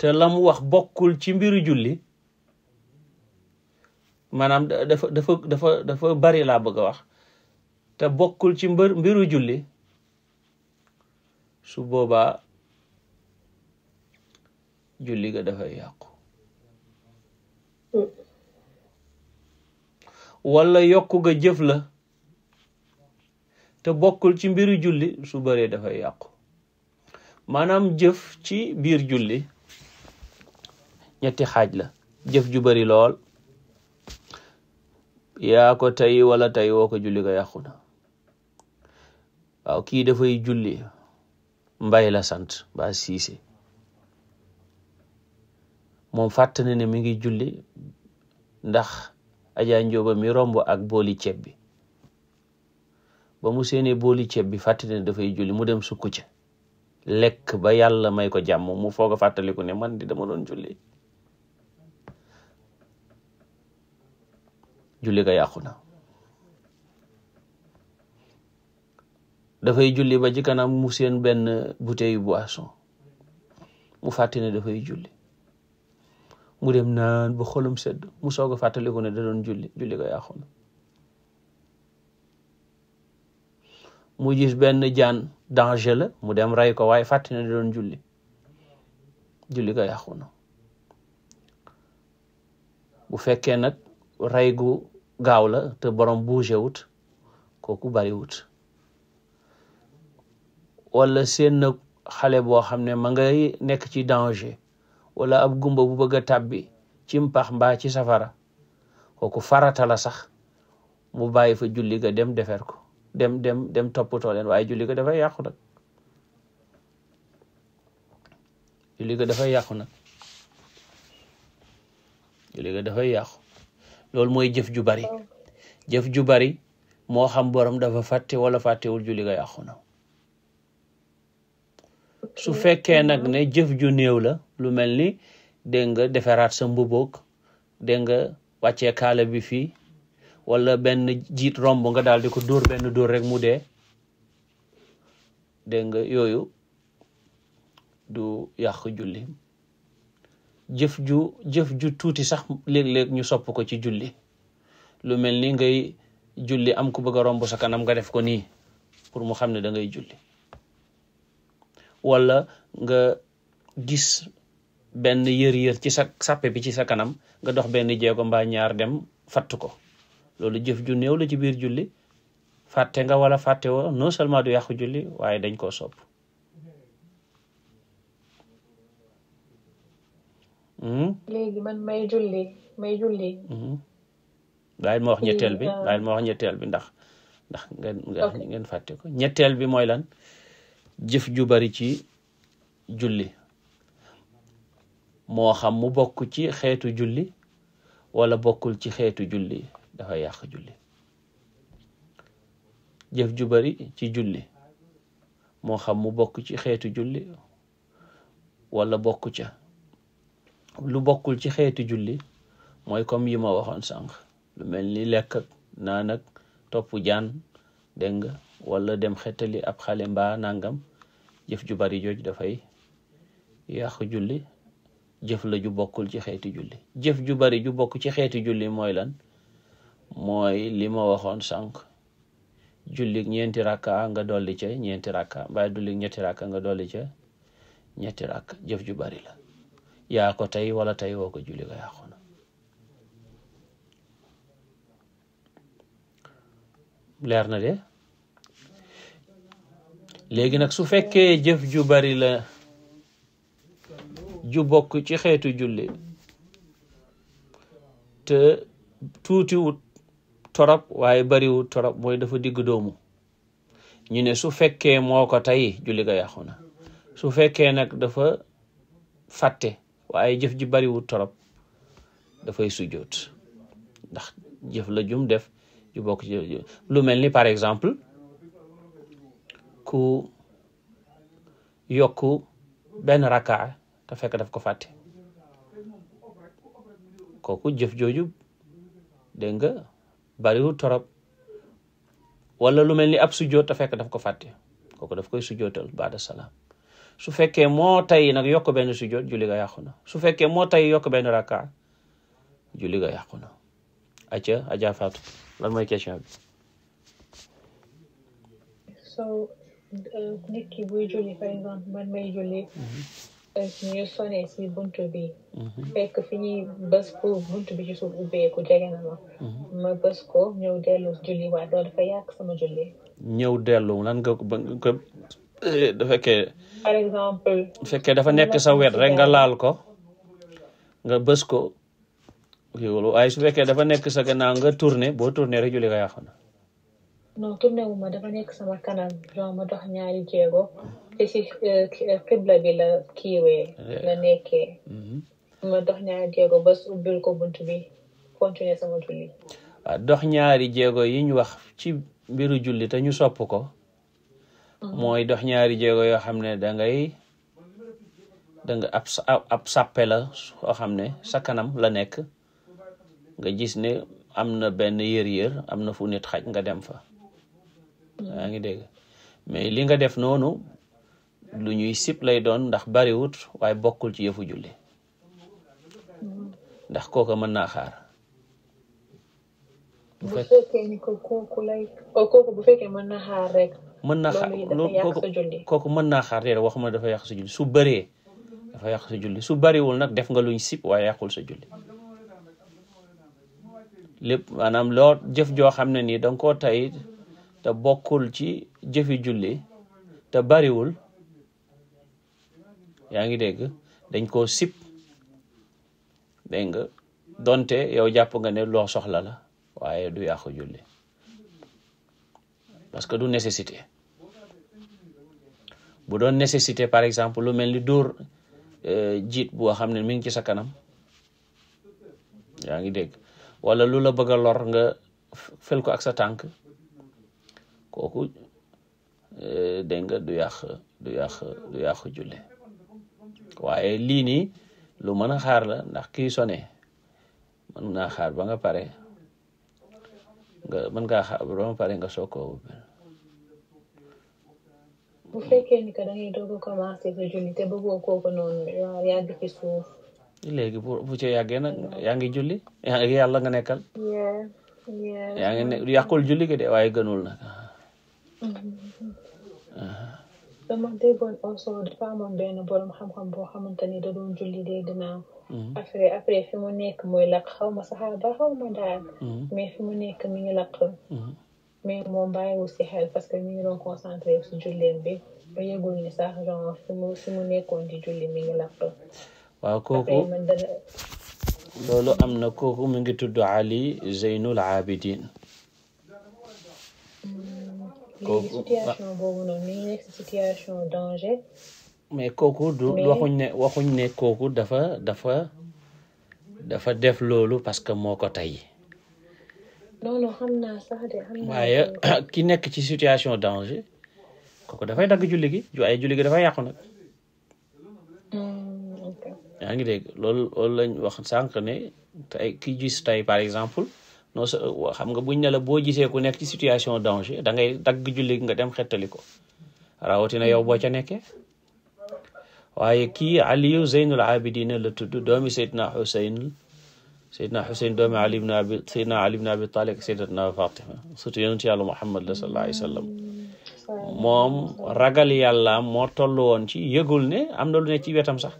te la wax bokkul ci mbiru julli maanaam dafa dafa dafa bari laa bëgg a wax te bokkul ci mbiru julli su boobaa julli ga dafay yàqu wala yokku ga jëf la te bokkul ci mbiru julli su bëree dafay yàqu maanaam jëf ci biir julli ñetti xaaj la jëf ju bari lool yaa ko tey wala tey woo ko julli ko yàqu waaw kii dafay julli mbay la sant ba siise moom fàtte na ne mi ngi julli ndax ajaa njóoba mi romb ak booli ceebi ba mu seene booli ceeb bi fàtte dafay julli mu dem sukku ca lekk ba yàlla may ko jàmm mu foog a fàttaliku ne man di dama doon julli julli ga yàqu na dafay julli ba ci kanam mu seen benn bouteille boisson mu fàtte ne dafay julli mu dem naan ba xolam sedd mu soog a fàttaliku ne da doon julli julli ga yàqu mu gis benn jaan danger la mu dem rey ko waaye fàtte ne da doon julli julli ga yàqu na bu nag rey gu gaaw la te borom bougé wut kooku bariwut wala seen na xale boo xam ne ma ngay nekk ci danger wala ab gumba bu bëgg a tàbbi ci mpax mbaa ci safara kooku farata la sax mu bàyyi fa julli ga dem defer ko dem dem dem toppatoo leen waaye julli ga dafay yàqu nag julli ga dafay yàqu nag julli yàqu loolu mooy jëf ju bari jëf ju bari moo xam boroom dafa fàtte wala fàttewul julli ga yàqu na su fekkee nag mhm. ne jëf ju néew la lu mel ni dégg nga defaraat sa mbuboog dégg nga wàccee kaala bi fii wala benn jiit romb nga daal di ko dóor benn dóor rekk mu dee dégg nga yooyu du yàq julli jëf ju jëf ju tuuti sax léeg ñu sopp ko ci julli lu mel ni ngay julli am ku bëgg romb sa kanam nga def ko nii pour mu xam ne da ngay julli wala nga gis benn yër-yër ci sa sàppe bi ci sa kanam nga dox benn jéego mbaa ñaar dem fatt ko loolu jëf ju néew la ci biir julli fàtte nga wala fàtte woo non seulement du yàqu julli waaye dañ koo sopp Hmm? léegi man may julli may julli. daal hmm? ma wax ñetteel bi daal ma wax ñetteel bi ndax ndax ngeen ngeen fàtte ko ñetteel bi mooy lan jëf ju bari ci julli moo xam mu bokk ci xeetu julli wala bokkul ci xeetu julli dafa yàq julli jëf ju bari ci julli moo xam mu bokk ci xeetu julli wala bokk ca lu bokkul ci xeetu julli mooy comme yi ma waxoon sànq lu mel ni lekk ak naan topp jaan dégg nga wala dem xetali ab xale mbaa nangam jëf ju bari jooj dafay yàq julli jëf la ju bokkul ci xeeti julli jëf ju bari ju bokk ci xeeti julli mooy lan mooy li ma waxoon sànq jullig ñeenti rakka nga dolli ca ñeenti rakka mbaa jullig ñetti rakka nga dolli ca ñetti rakka jëf ju bari la yaa ko tey wala tey woo ko julli ko yàqu na leer na de léegi nag su fekkee jëf ju bari la ju bokk ci xeetu julli te tuutiwut torop waaye bariwut torop mooy dafa digg doomu ñu ne su fekkee moo ko tey julli ga yàqu na su fekkee nag dafa fàtte waaye jëf ji bariwul trop dafay sujjoot ndax jëf la jum def ju bokk ci lu mel ni par exemple ku yokku benn rakka te fekk daf ko fàtte kooku jëf jooju dégg nga bariwul torop wala lu mel ni ab sujjoot te fekk def ko fàtte kooku daf koy sujjootal baada salaam su fekkee moo tay nag yokk benn sujjoot julli ga yàqu su fekkee moo tay yokk benn rakka julli ga yàqu na aca Adja Fatou question bi so uh, nit ki buy julli par man may julli mhm. uh, ñu sonee si buntu bi mhm. fekk fi ñuy bës pour buntu bi ci suuf ubbeeku jege na ma mhm. bës ko ñëw dellu julli waat loolu dafa yàq sama julli ñëw dellu lan nga bu eh, fekkee. bu fekkee dafa nekk sa wet rek nga laal ko nga bës ko yolu waaye su fekkee dafa nekk sa gannaaw nga bo boo tourné rek julli nga yàqu na. non dafa nekk sama kanam genre ma dox ñaari jéego te si xibla eh, eh, mhm. ñaari jéego ko bunt bi continuer sama julli. Ah, dox ñaari jéego yi ñu wax ci mbiru julli te ñu sopp ko. Mm-hmm. mooy dox ñaari jéego yoo xam ne dangay ngay da nga ab ab la soo xam ne sa kanam la nekk nga gis ne am na benn yër-yër am na fu nit xaj nga dem fa mm-hmm. yaa ngi dégg mais li nga def noonu lu ñuy sip lay doon ndax bariwut waaye bokkul ci yëfu julli mm-hmm. ndax kooka mën naa xaar bu oh, fekkee mën na xaar rek mën naa xaar loolu kooku mën naa xaar waxuma dafa yàq sa julli su bëree dafa yàq julli su bëriwul nag def nga luñ sib waaye yàqul sa julli lépp maanaam loo jëf joo xam ne nii danga koo tay te bokkul ci jëfi julli te bariwul yaa ngi dégg dañ koo sib dégg nga donte yow jàpp nga ne loo soxla la waaye du yàqu julli parce que du nécessité bu doon nécessité par exemple lu mel ni dóor euh, jiit boo xam ne mi ngi ci sa kanam yaa ngi dégg wala lu la bëgg a lor nga fel ko ak sa tànk kooku euh, dégg nga du yàq du yàq du yàq jule waaye lii nii lu mën a xaar la ndax kii sone mën naa xaar ba nga pare nga mën ngaa xaar ba pare nga soog koo bu fekkee ni que da ngay doog a commencé sa julli te bëggoo kooku noonu waaw yàgg ci suuf. léegi bu bu ci yàggee nag yaa ngi julli yaa ngi yàlla nga nekkal. yaa ngi ne julli gi de waaye gënul nag. dama déggoon also dafa amoon benn borom xam-xam boo xamante ni da doon julli dee dinaaw. Mm-hmm. après après fi mu nekk mooy lakk xaw ma saxaaba xaw ma daal. Mm-hmm. mais fi mu nekk mi ngi lakk. Mm-hmm. mais moom bàyyiwul si xel parce que ñu ngi doon concentré si bi ba yëgul sax genre fi mu fi mu nekkoon di julli ngi làpp waaw kooku loolu am na kooku mu ngi tudd Ali Zeynul Abidin hmm, mais kooku du waxuñ ne kooku dafa dafa dafa def loolu parce que moo ko tey loolu xam naa waaye ki nekk ci situation danger kooku dafay dagg julli gi ay julli gi dafay yàqu nag. Hmm, yaa ngi dégg loolu loolu lañ wax sànq ne tey ki gis tey par exemple non xam nga buñ ne la boo gisee ku nekk ci situation danger da ngay dagg julli nga dem xettali ko rawatina yow boo ca nekkee. waaye kii Aliyu Zeynul Abidina la tudd doomi Seydina Xuseyn Seydina Xuseyn doomi Ali ibn Abi Seydina Ali ibn Abi Talib ak Seydatna Fatima surtout yonent yàlla Muhammad la sallallahu moom ragal yàllaam moo toll woon ci yëgul ne am na lu ne ci wetam sax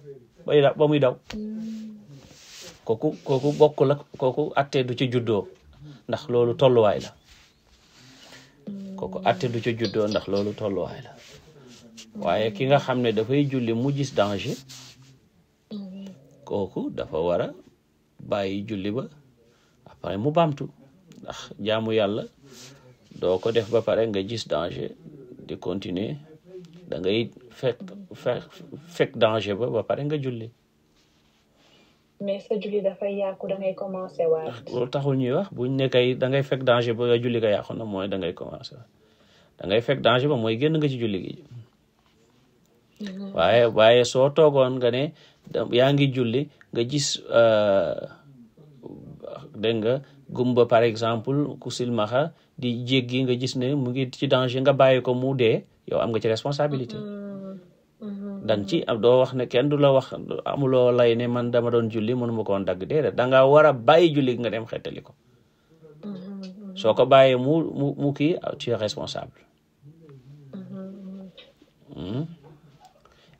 bay ba muy daw kooku kooku atte du ci juddoo ndax loolu tolluwaay la kooku atte du ci juddoo ndax loolu tolluwaay la waaye ki nga xam ne dafay julli mu gis danger kooku dafa war bàyyi julli ba après mu baamtu ndax jaamu yàlla doo ko def ba pare nga gis danger di continuer da ngay fekk ba ba pare nga julli. mais sa julli dafay yàqu taxul ñuy wax buñ ne kay da ngay fekk danger ba nga julli nga yàqu na mooy da ngay commencé dangay da ngay fekk danger ba mooy génn nga ci julli gi. Mm-hmm. waaye waaye nga ne yaa ngi julli nga gis euh, dégg nga gumba par exemple ku silmaxa di jéggi nga gis ne mu ngi ci danger nga bàyyi ko mu dee yow am nga ci responsabilité mm-hmm. dang ci doo wax ne kenn du la wax amuloo lay ne man dama doon julli mënuma koon dagg déedéet danga war a bàyyi julli nga dem xettali ko mm-hmm. soo ko bàyyee mu mu mu kii ah, tu es responsable mm-hmm. hmm?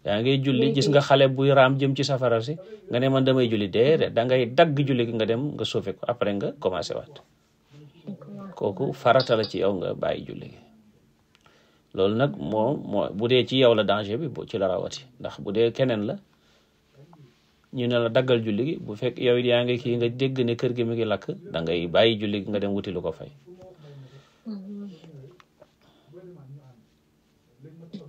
yaa ngay julli gis nga xale buy raam jëm ci safara si nga ne man damay julli déedéet da ngay dagg julli nga dem nga suufe ko après nga commencé waat kooku farata la ci yow nga bàyyi julli gi loolu nag moom bu dee ci yow la danger bi bu ci la rawati ndax bu dee keneen la ñu ne la daggal julli bu fekk yow yaa ngi kii nga dégg ne kër gi mi ngi lakk da ngay bàyyi julli nga dem wuti lu ko fay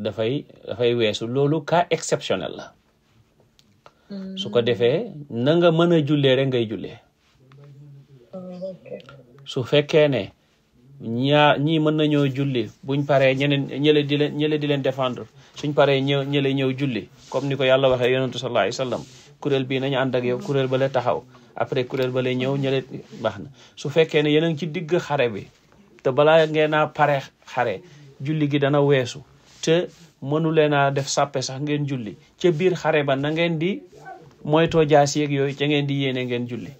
dafay dafay weesu loolu ka exceptionnel la su ko defee na nga mën a jullee rek ngay jullee su fekkee ne ñaa ñii mën nañoo julli buñ paree ñeneen ñële di leen ñële di leen défendre suñ paree ñëw ñële ñëw julli comme ni ko yàlla waxee yonentu sallallahu alayhi wasallam kuréel bii nañu ànd ak yow kuréel ba la taxaw après kuréel ba la ñëw ñële baax na su fekkee ne yéen a ngi ci digg xare bi te balaa ngeen pare xare julli gi dana weesu te mënu leen a def sàppe sax ngeen julli ca biir xare ba nangeen ngeen di moytoo jaas yeeg yooyu ca ngeen di yéene ngeen julli.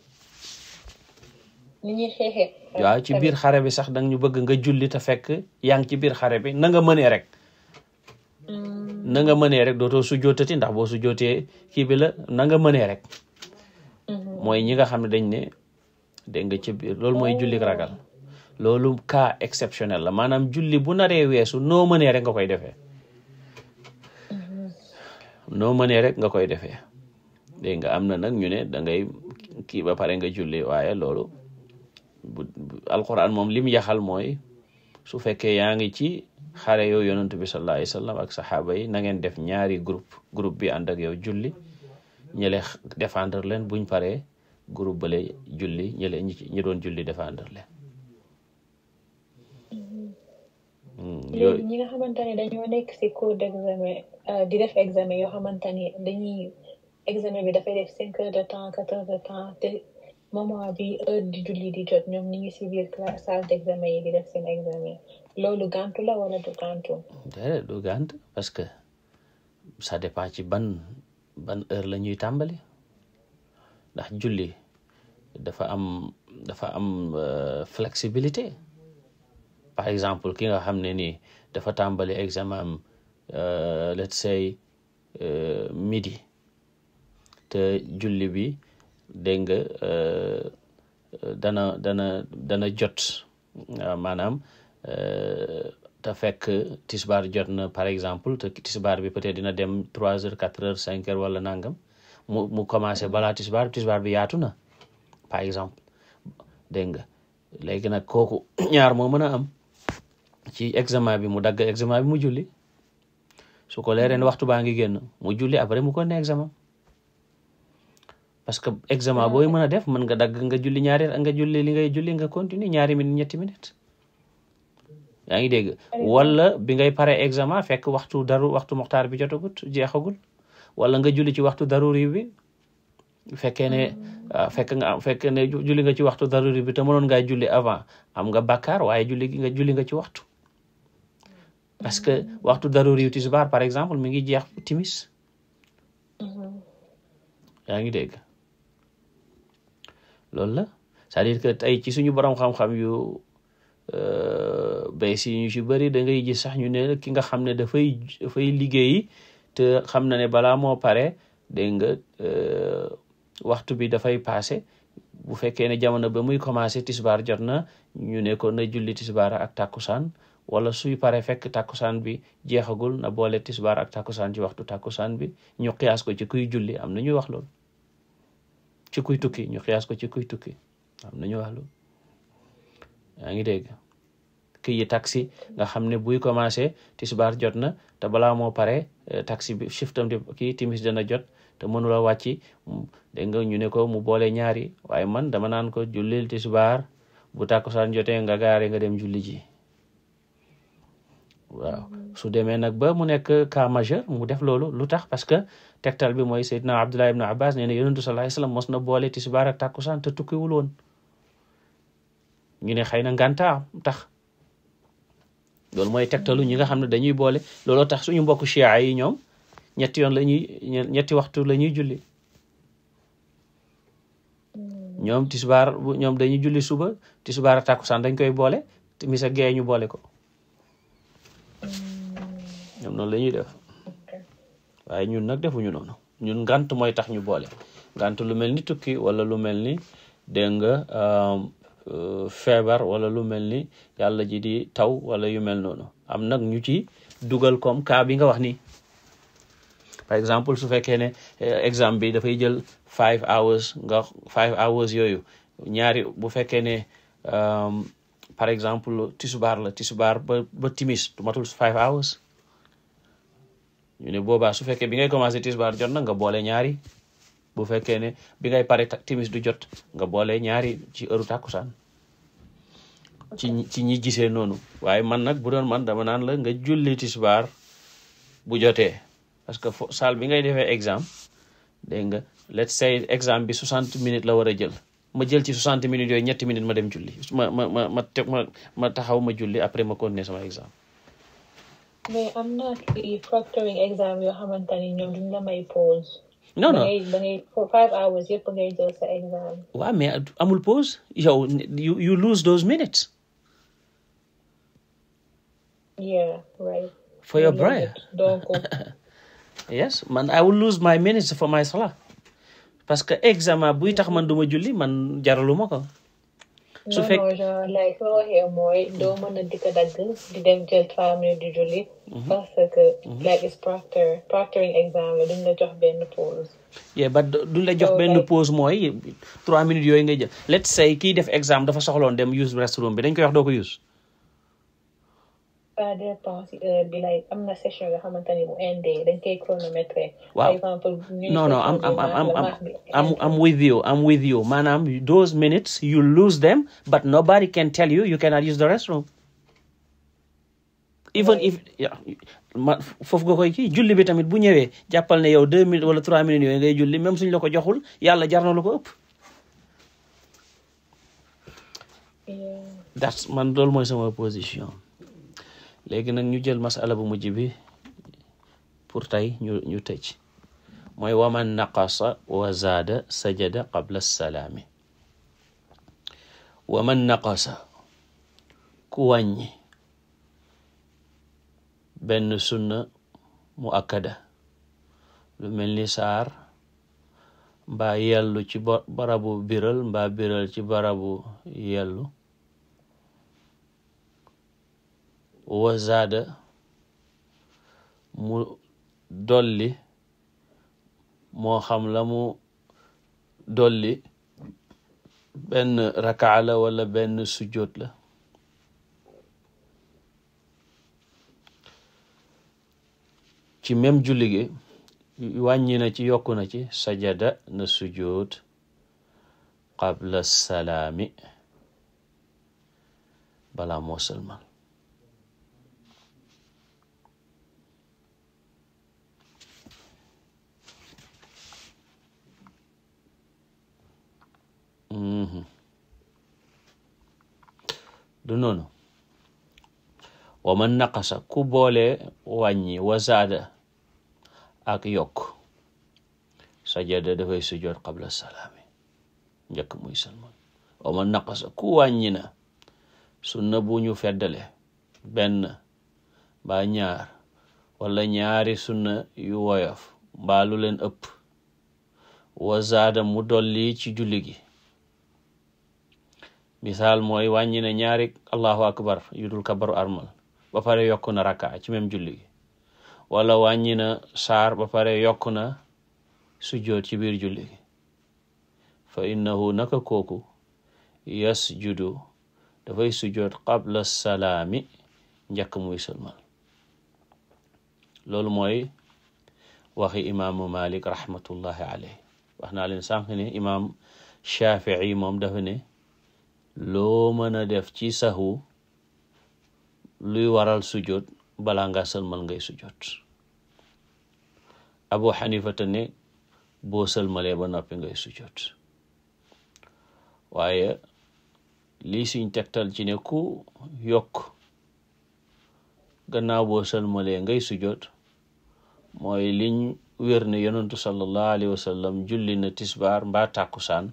ni ci biir xare bi sax danga ñu bëgg nga julli te fekk yaa ngi ci biir xare bi na nga mënee rek. Mm. nanga nga mënee rek dootoo su jootati ndax boo su jootee kii bi la na mënee rek. Mm-hmm. mooy ñi nga xam ne dañ ne dégg nga ca loolu mooy julli ragal. loolu ka exceptionnel la maanaam julli bu naree weesu noo mënee rek nga koy defee noo mënee rek nga koy defe dégg nga am na nag ñu ne da kii ba pare nga julli waaye loolu alquran moom lim yaxal mooy su fekkee yaa ngi ci xare yow yonantu bi sallallahu ak saxaaba yi na def ñaari groupe groupe bi ànd ak yow julli ñële défendre buñ paree groupe bale julli ñële ñi doon julli défendre léegi hmm, ñi nga xamante ne dañoo nekk si cours d' examen euh, di def examen yoo xamante ne dañuy examen bi dafay def cinq heures de temps quatre heures de temps te moment bi heure di julli di jot ñoom ñu ngi si biir classe salle d' yi di def seen examen loolu gàntu la wala du gàntu. déedéet du gànt parce que ça dépend ci ban ban heure la ñuy tàmbali ndax julli dafa am dafa am euh, flexibilité. par exemple ki nga xam ne nii dafa tàmbali examen am euh, let's say euh, midi te julli bi dégg nga euh, dana dana dana jot maanaam te fekk tisbaar jot na par exemple te tisbaar bi peut-être dina dem trois heures quatre heures cinq heures wala nangam mu mu commencé balaa tisbaar tisbaar bi yaatu na par exemple dégg nga nag kooku ñaar moo mën am ci examen bi mu dagg examen bi mu julli su ko leeree ne waxtu baa ngi génn mu julli après mu ko ne examen parce que examen booy mën a def man nga dagg nga julli ñaari nga julli li ngay julli nga continuer ñaari min ñetti minute yaa ngi dégg wala bi ngay pare examen fekk waxtu daru waxtu moxtaar bi jotagut jeexagul wala nga julli ci waxtu daruri bi fekkee ne ah, fekk nga fekk ne julli nga ci waxtu daruri bi te mënoon ngaa julli avant am nga bakkaar waaye julli nga ci waxtu parce que waxtu daruri yu tisbaar par exemple mu ngi jeex timis mhm. yaa ngi dégg loolu la cest dire que tey ci suñu borom xam-xam yu euh, bay si ñu ci bëri da ngay ji sax ñu ne ki nga xam ne dafay dafay liggéeyi te xam na ne balaa moo pare dégg nga euh, waxtu bi dafay passé bu fekkee ne jamono ba muy commencé tisbaar jot na ñu ne ko na julli tisbaar ak takkusaan wala suy pare fekk tàkkusaan bi jeexagul na boole tisbaar ak saan ci waxtu saan bi ñu xiyaas ko ci kuy julli am na ñuy wax loolu ci kuy tukki ñu xiyaas ko ci kuy tukki am na ñuy wax loolu yaa ngi dégg kii yi taxi nga xam ne buy commencé tisbaar jot na te balaa moo pare eh, taxi bi shiftam di kii timis dana jot te mënula wàcci dégg nga ñu ne ko mu boole ñaari waaye man dama naan ko jullil tisbaar bu saan jotee nga gaare nga dem julli ji waaw su demee nag ba mu nekk cas majeur mu def loolu lu tax parce que tegtal bi mooy Seydina Abdullah ibn Abbas nee na yonentu sallallahu alayhi wasallam mos na boole ti tisbaar ak takkusaan te tukkiwul woon ñu ne xëy na ngàntaa tax loolu mooy tegtalu ñi nga xam ne dañuy boole looloo tax suñu mbokku chia yi ñoom ñetti yoon la ñuy ñetti waxtu la ñuy julli ñoom ti tisbaar ñoom dañuy julli suba ti tisbaar ak takkusaan dañ koy boole timis ak gee ñu boole ko ñoom noonu la def waaye ñun nag defuñu noonu ñun ngant mooy tax ñu boole ngant lu mel ni tukki wala lu mel ni dégg nga euh, feebar wala lu mel ni yàlla ji di taw wala yu mel noonu am nag ñu ci dugal comme cas bi nga wax ni par exemple su fekkee ne euh, exemple bi dafay jël five hours nga five yooyu ñaari bu fekkee ne par exemple tisubaar la tisubaar ba ba timis du five hours ñu ne boobaa su fekkee bi ngay commencé tisbaar jot na nga boole ñaari bu fekkee ne bi ngay pare timis du jot nga boole ñaari ci heure tàkkusaan ci ci ñi gisee noonu waaye man nag bu doon man dama naan la nga julli tisbaar bu jotee parce que fo saal bi ngay defee examen dégg nga let's say examen bi 60 minutes la war a jël ma jël ci 60 minutes yooyu ñetti minutes ma dem julli ma ma ma ma ma taxaw ma julli après ma continuer sama exemple mais am na exam yoo xamante ni ñoom duñ la may pause. non non da ngay you lose those minutes. yeah for your prayer. yes man I will lose minutes for my salah parce que examen buy tax man duma ma man jaraluma ko. su fekk non lay soo waxee mooy doo mën mm-hmm. a dikk dagg di dem jël trois minutes di julli. Mm-hmm. parce que mm-hmm. like is proctor proctoring exam la duñ jox benn pause. yeah ba duñ la jox benn pause mooy trois minutes yooyu ngay jël let's say kiy def exam dafa soxloon dem use restroom bi dañ koy wax doo ko use. ça dépend si am na session yoo am am am with you am with you maanaam those minutes you lose them but nobody can tell you you cannot use the restroom. even if ma foofu nga koy kii julli bi tamit bu ñëwee jàppal ne yow deux minutes wala trois minutes yooyu ngay julli même suñ la ko joxul yàlla jar ko ëpp. that's man loolu mooy sama position. léegi nag ñu jël masala bu mujj bi pour tey ñu ñu mooy waman naqasa wa zaada sajada qabla salaami waman naqasa ku wàññi benn sunna mu akkada lu mel ni saar mbaa yellu ci barabu biral mba biral ci barabu yellu wa zaada mu dolli moo xam la mu dolli benn rakaa wala benn sujjóot la ci même julli gi wàññi na ci yokku na ci sajada na sujjóot qabla salaami balaa moo salmal Mhm. du noonu wa man naqasa ku boole wàññi wasaada ak yokk sajada dafay sujjoot qabla salaami njëkk muy salman wa naqasa ku wàññi na sunna bu ñu feddale benn ba ñaar wala ñaari sunna yu woyof mbaalu leen ëpp wasaada mu dolli ci julli gi misaal mooy wàññi na ñaari allahu akbar yu dul armal ba pare yokk na ci même julli gi wala wàññi na saar ba pare yokk na sujjoot ci biir julli fa innahu naka kooku yasjudu dafay sujjoot qabla salaami njëkk muy sëlmal loolu mooy waxi imaamu malik rahmatullahi alayh wax naa leen sànq imaam shafii moom dafa ne loo mën a def ci saxu luy waral sujjoot balaa nga sëlmal ngay sujjoot abu xanifata ne boo sëlmale ba noppi ngay sujjoot waaye lii suñ tegtal ci ne ku yokk gannaaw boo sëlmalee ngay sujjoot mooy liñ wér ne yonentu sallallahu alayhi wa sallam julli na tisbaar mbaa tàkkusaan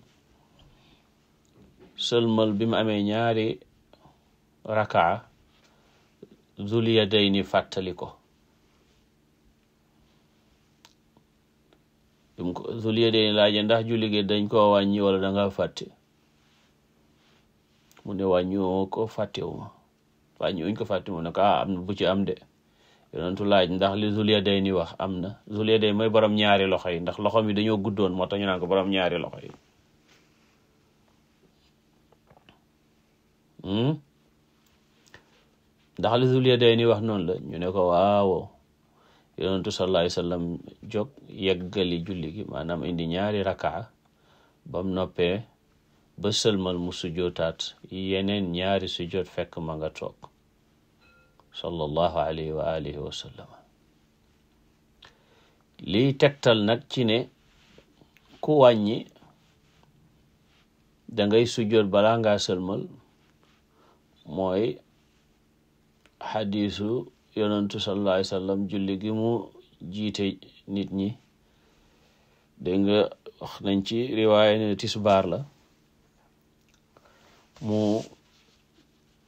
sëlmal bi mu amee ñaari rakaa zul yadayni fàttali ko dum ko zul yadayni laaje ndax julli gi dañ koo wàññi wala da ngaa fàtte mu ne wàññiwoo ko fàttewuma wàññiwuñ ko fàtte mu ne ko ah am na bu ci am de yonentu laaj ndax li zul yadayni wax am na zul yadayni mooy borom ñaari loxo yi ndax loxo mi dañoo guddoon moo tax ñu naan ko ñaari loxo yi ndax hmm? li Zul Yadayni wax noonu la ñu ne ko waawo yonentu sallallahu alayhi wasallam jóg yeggali julli gi maanaam indi ñaari rakaa bam noppee ba sëlmal mu sujjootaat yeneen ñaari sujjoot fekk ma nga toog sallallahu alayhi wa alihi wa sallam tegtal nag ci ne ku wàññi da ngay sujjoot balaa ngaa sëlmal mooy xadiisu yonentu sallallahu alayhi sallam julli gi mu jiite nit ñi dégg nga wax nañ ci riwaaya ne la mu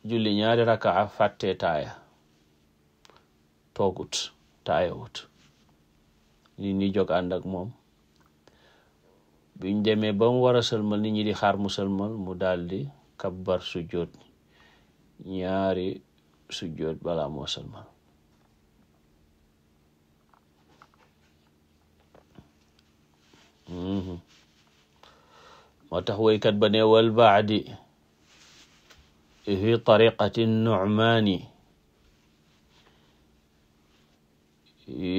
julli ñaari rakaa fàtte taaya toogut taayawut nit ñi jóg ànd moom biñ demee ba mu war a sëlmal nit ñi di xaar mu sëlmal mu daldi di kabbar sujjóot ñaari sujjoot balaa moo salmal mhm. moo tax woykat ba ne wal baadi fi tariqati nucmaani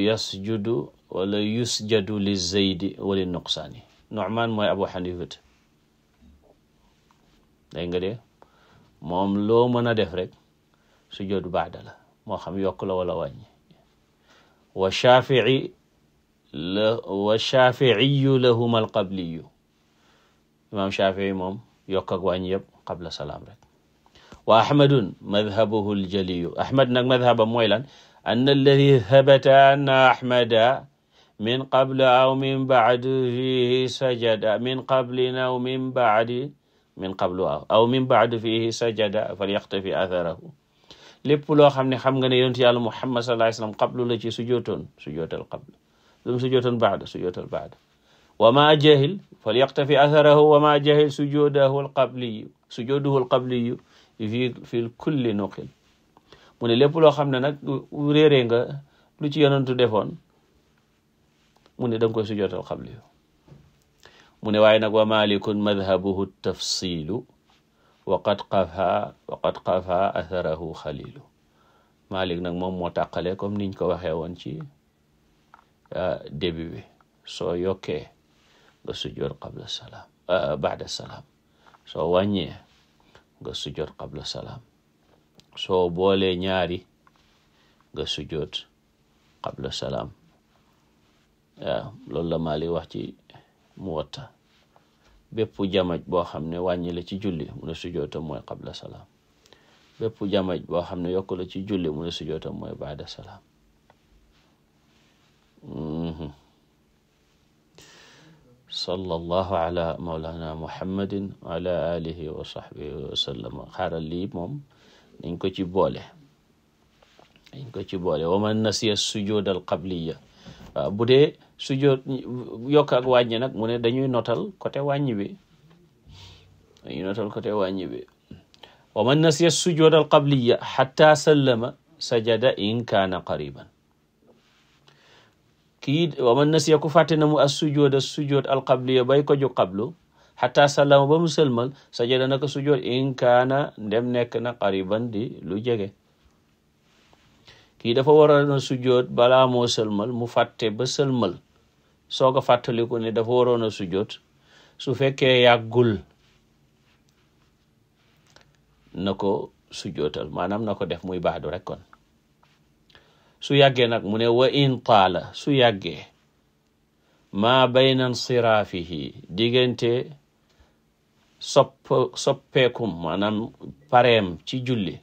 yasjudu wala yusjadu li zaydi wali nuqsaani nucmaan mooy abu xanifata day nga dee moom loo mën a def rek sujoodu baada la moo xam yokk la wala wàññi wa shafii la wa shafiiyu lahuma alqabliyu imaam shafii moom yokk ak wàññi yëpp qabla salaam rek wa ahmadun madhabuhu aljaliyu ahmad nag madhabam mooy lan an alladi thabata anna ahmada min qabla aw min bacdi fihi sajada min qablina aw min bacdi min qablu aw min baadu fihi sajada falyaqtafi atharahu lépp loo xam ne xam nga ne yonentu yàlla Muhammad sallallahu alayhi wasallam qablu la ci sujootoon sujootal qablu lu mu sujootoon baada sujootal baada wa ma jahil falyaqtafi atharahu wa ma jahil sujudahu alqabliyu sujuduhu alqabliyu fi fi kulli nuqil mu ne lépp loo xam ne nag réeree nga lu ci yonentu defoon mu ne da nga koy sujootal qablu mu ne waaye nag wa malikun madhabuhu tafsilu waqad qafa waqad qafa atharahu xalilu malik nag moom moo taqale comme niñ ko waxee woon ci euh, début bi soo yokkee nga sujjoot qabla salaam euh, baada salaam soo wàññee nga sujjoot qabla soo boolee ñaari nga sujjoot qabla salaam waaw loolu la Malik wax ci mu watta bépp jamaj boo xam ne wàññi la ci julli mu ne sujootam mooy qabla salaam bépp jamaj boo xam ne yokku la ci julli mu ne sujootam mooy baada salaam mhm. sallallahu ala maulana muhammadin wa ala alihi wa sahbihi wa sallam xaaral lii moom dañ ko ci boole dañ ko ci boole wa man nasiya sujud al qabliya waaw euh, bu dee sujjoot yokk ak nag mu ne dañuy notal côté wàññi bi notal côté wàññi bi wa man nasiya sujjoot al qabliya xatta sallama sajada in qariban kii wa nasiya ku fàtte na mu as sujjoot as al qabliya bay ko ju qablu xataa sallama ba mu sëlmal sajada naka sujjoot in ndem nekk na qariban di lu jege kii dafa waroon a sujjoot balaa moo sëlmal mu fàtte ba sëlmal soo ko fàttaliku ne dafa waroon a sujjoot su fekkee yàggul na ko sujjootal maanaam na ko def muy baadu rekkon su yàggee nag mu ne wa in taala su yàggee maa bayna nsiraafihi diggante sopp soppeekum maanaam pareem ci julli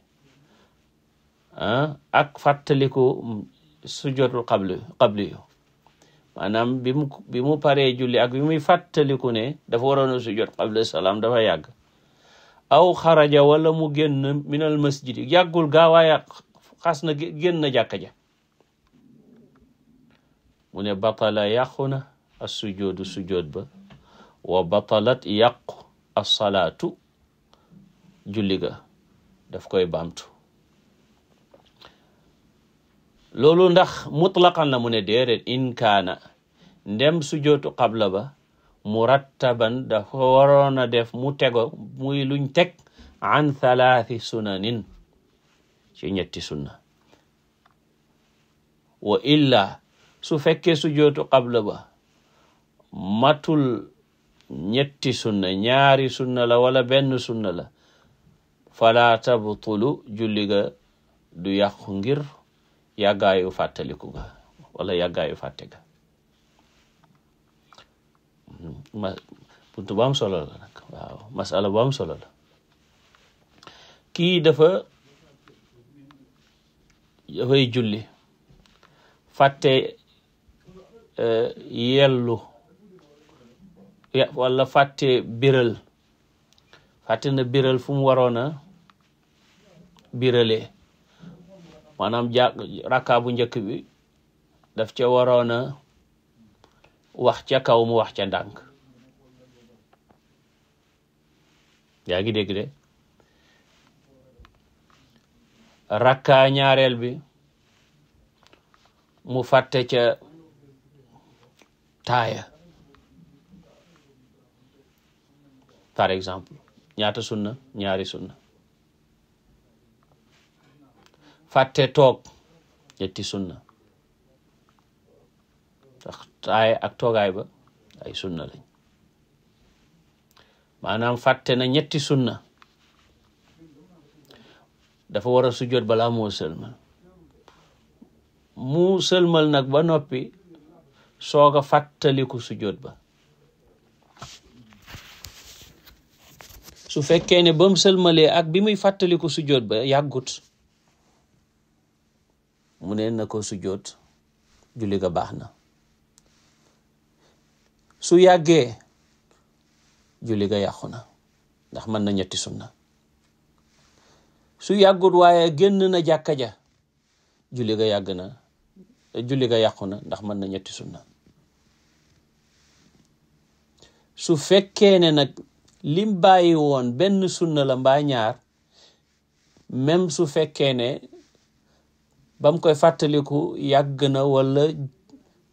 Ah, ak fàttaliku sujootul qabli qabli yu maanaam bi mu bi mu paree julli ak bi muy fàttaliku ne dafa waroon a sujoot qabla salaam dafa yàgg aw xaraja walla mu génn minal masjid yàggul gaa waaye xas na génn ja mu ne batala yàqu na as sujoodu ba wa batalat yàqu as salaatu julli ga daf koy baamtu loolu ndax mutlaqan la mu ne déedéet in kaana ndem sujootu qabla ba murattaban dafa waroon a def mu tego muy luñ teg an thalathi sunanin ci ñetti sunna wa illa su fekkee sujootu qabla ba matul ñetti sunna ñaari suna la wala benn sunna la fala tabtulu julli ga du yàqu ngir yàggaayu fàttaliku ga wala yàggaayu fàtte ga buntu bu am la nag masala bu am solo la kii dafa dafay julli fàtte uh, yellu wala fàtte biral fàtte na biral fu mu waroon a biralee maanaam jàkk rakka bu njëkk bi daf ca waroon a wax ca kaw mu wax ca ndànk yaa ngi dégg rakka ñaareel bi mu fàtte ca taaya par exemple ñaata sunna ñaari sunna fàtte toog ñetti sunna ndax taay ak toogaay ba ay sunna lañ maanaam fàtte na ñetti sunna dafa war a sujjoot balaa moo sëlmal mu sëlmal nag ba noppi soog a fàttaliku sujjoot ba su fekkee ne ba mu sëlmalee ak bi muy fàttaliku sujjoot ba yàggut mu ne na ko sujjóot julli ga baax na su yàggee julli ga yàqu na ndax mën na ñetti sunna su yàggut waaye génn na jàkka ja julli ga yàgg na julli ga yàqu na ndax mën na ñetti sunna su fekkee ne nag lim bàyyi woon benn sunna la mbaa ñaar même su fekkee ne ba mu koy fàttaliku yàgg na wala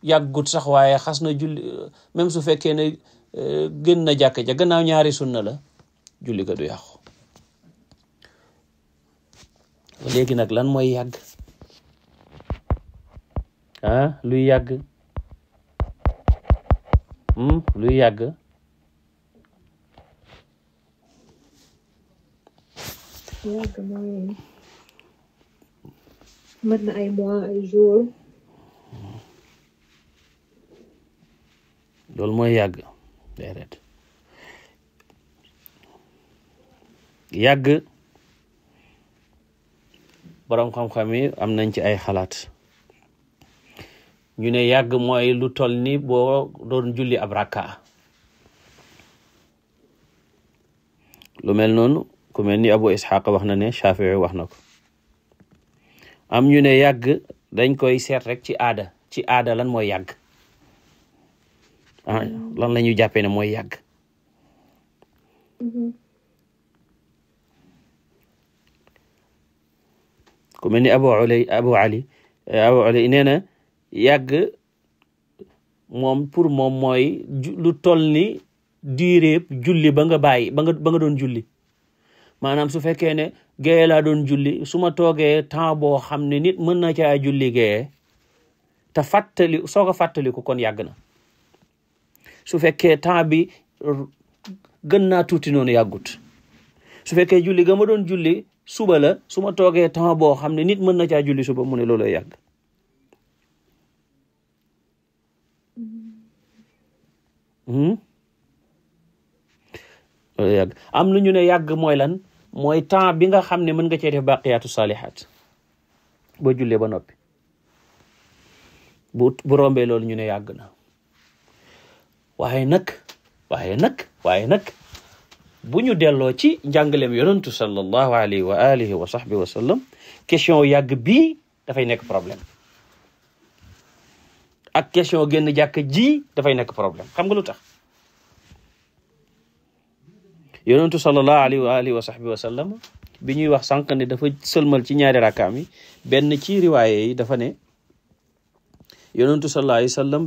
yàggut sax waaye xas na julli même su fekkee ne euh, gën na jàkk ja gannaaw ñaari sunna la julli ga du yàqu léegi nag lan mooy yàgg ah luy luy yàgg hmm? mën na ay mois ay jours. Mm-hmm. loolu mooy yàgg déedéet yàgg boroom xam-xam yi am nañ ci ay xalaat ñu ne yàgg moy lu toll ni boo doon julli ab rakka lu mel noonu ku mel ni Abu Ishaq wax na ne Shafi'i wax na ko am ñu ne yàgg dañ koy seet rek ci aada ci aada lan mooy yàgg ah, lan la ñuy jàppee ne mooy yàgg mm-hmm. ku mel ni abu ali abu ali eh, abu ali nee na yàgg moom pour moom mooy lu toll ni diiréeb julli ba nga bàyyi ba nga doon julli maanaam su fekkee ne géye laa doon julli su ma toogee temps boo xam ne nit mën na caa julli géye te fàttali soo ko fàttaliku kon yàgg na su fekkee temps bi gën naa tuuti noonu yàggut su fekkee julli ga ma doon julli suba la su ma toogee temps boo xam ne nit mën na caa julli suba mu ne looloo yàgg hmm? looloo yàgg am na ñu ne yàgg mooy lan mooy temps bi nga xam ne mën nga cee def baqiyaatu saalihaat boo jullee ba noppi bu bu rombee loolu ñu ne yàgg na waaye nag waaye nag waaye nag bu ñu delloo ci njàngaleem yonentu sallallahu alayhi wa alihi wa sahbihi wa sallam question yàgg bii dafay nekk problème ak question génn jàkk ji dafay nekk problème xam nga lu tax yonentu sallallahu alayhi wa alihi wa sahbi bi ñuy wax sànq dafa sëlmal ci ñaari rakkaam yi benn ci riwaaye yi dafa ne yonentu sallallahu alayhi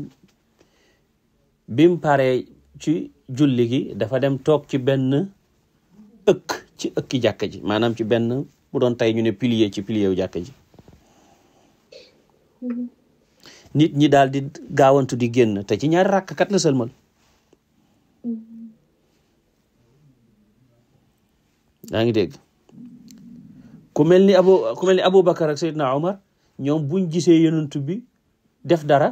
bim paree ci julli gi dafa dem toog ci benn ëkk ci ëkki jàkka ji maanaam ci benn bu doon tey ñu ne pilier ci pilier wu ji mm-hmm. nit ñi daal di gaawantu di génn te ci ñaari rakkat la sëlmal yaa ngi dégg ku mel ni abu ku mel ni aboubacar ak seydina omar ñoom buñ gisee yonent bi def dara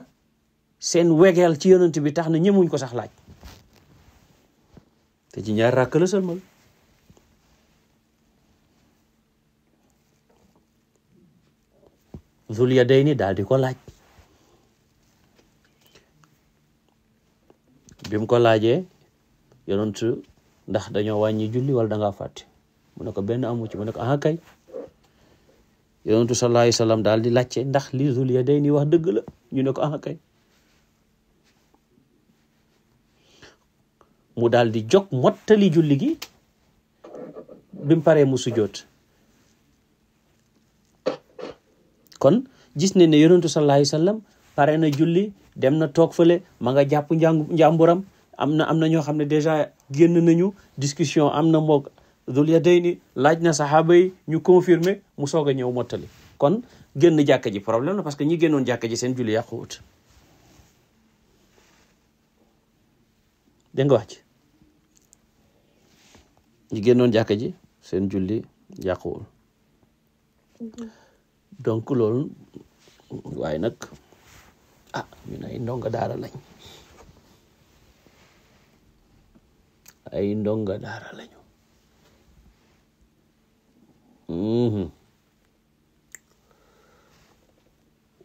seen wegeel ci yonent bi tax na ñemuñ ko sax laaj te ci ñaar ràkk la sëlmal zul daal di ko laaj bi mu ko laajee yonent ndax dañoo wàññi julli wala da ngaa fàtte mu ne ko benn amu ci mu ne ko ah kay yonentu sallallahu alayhi wasallam daal di laajte ndax li day yadayni wax dëgg la ñu ne ko ah kay mu daldi di jóg mottali julli gi bi mu paree mu sujjoot kon gis ne ne yonentu sallallahu alayhi wasallam pare na julli dem na toog fële ma nga jàpp njàmburam am na am na ñoo xam ne déjà génn nañu discussion am na moog Dul Yadayni laaj na saxaaba yi ñu confirmer mu soog a ñëw mottali kon génn jàkka ji problème la parce que ñi génnoon jàkka ji seen julli yàquwut dégg wax ci ñi génnoon jàkka ji seen julli yàquwul donc loolu waaye nag ah ñu ay ndonga daara lañ ay ndonga daara lañ Mm-hmm.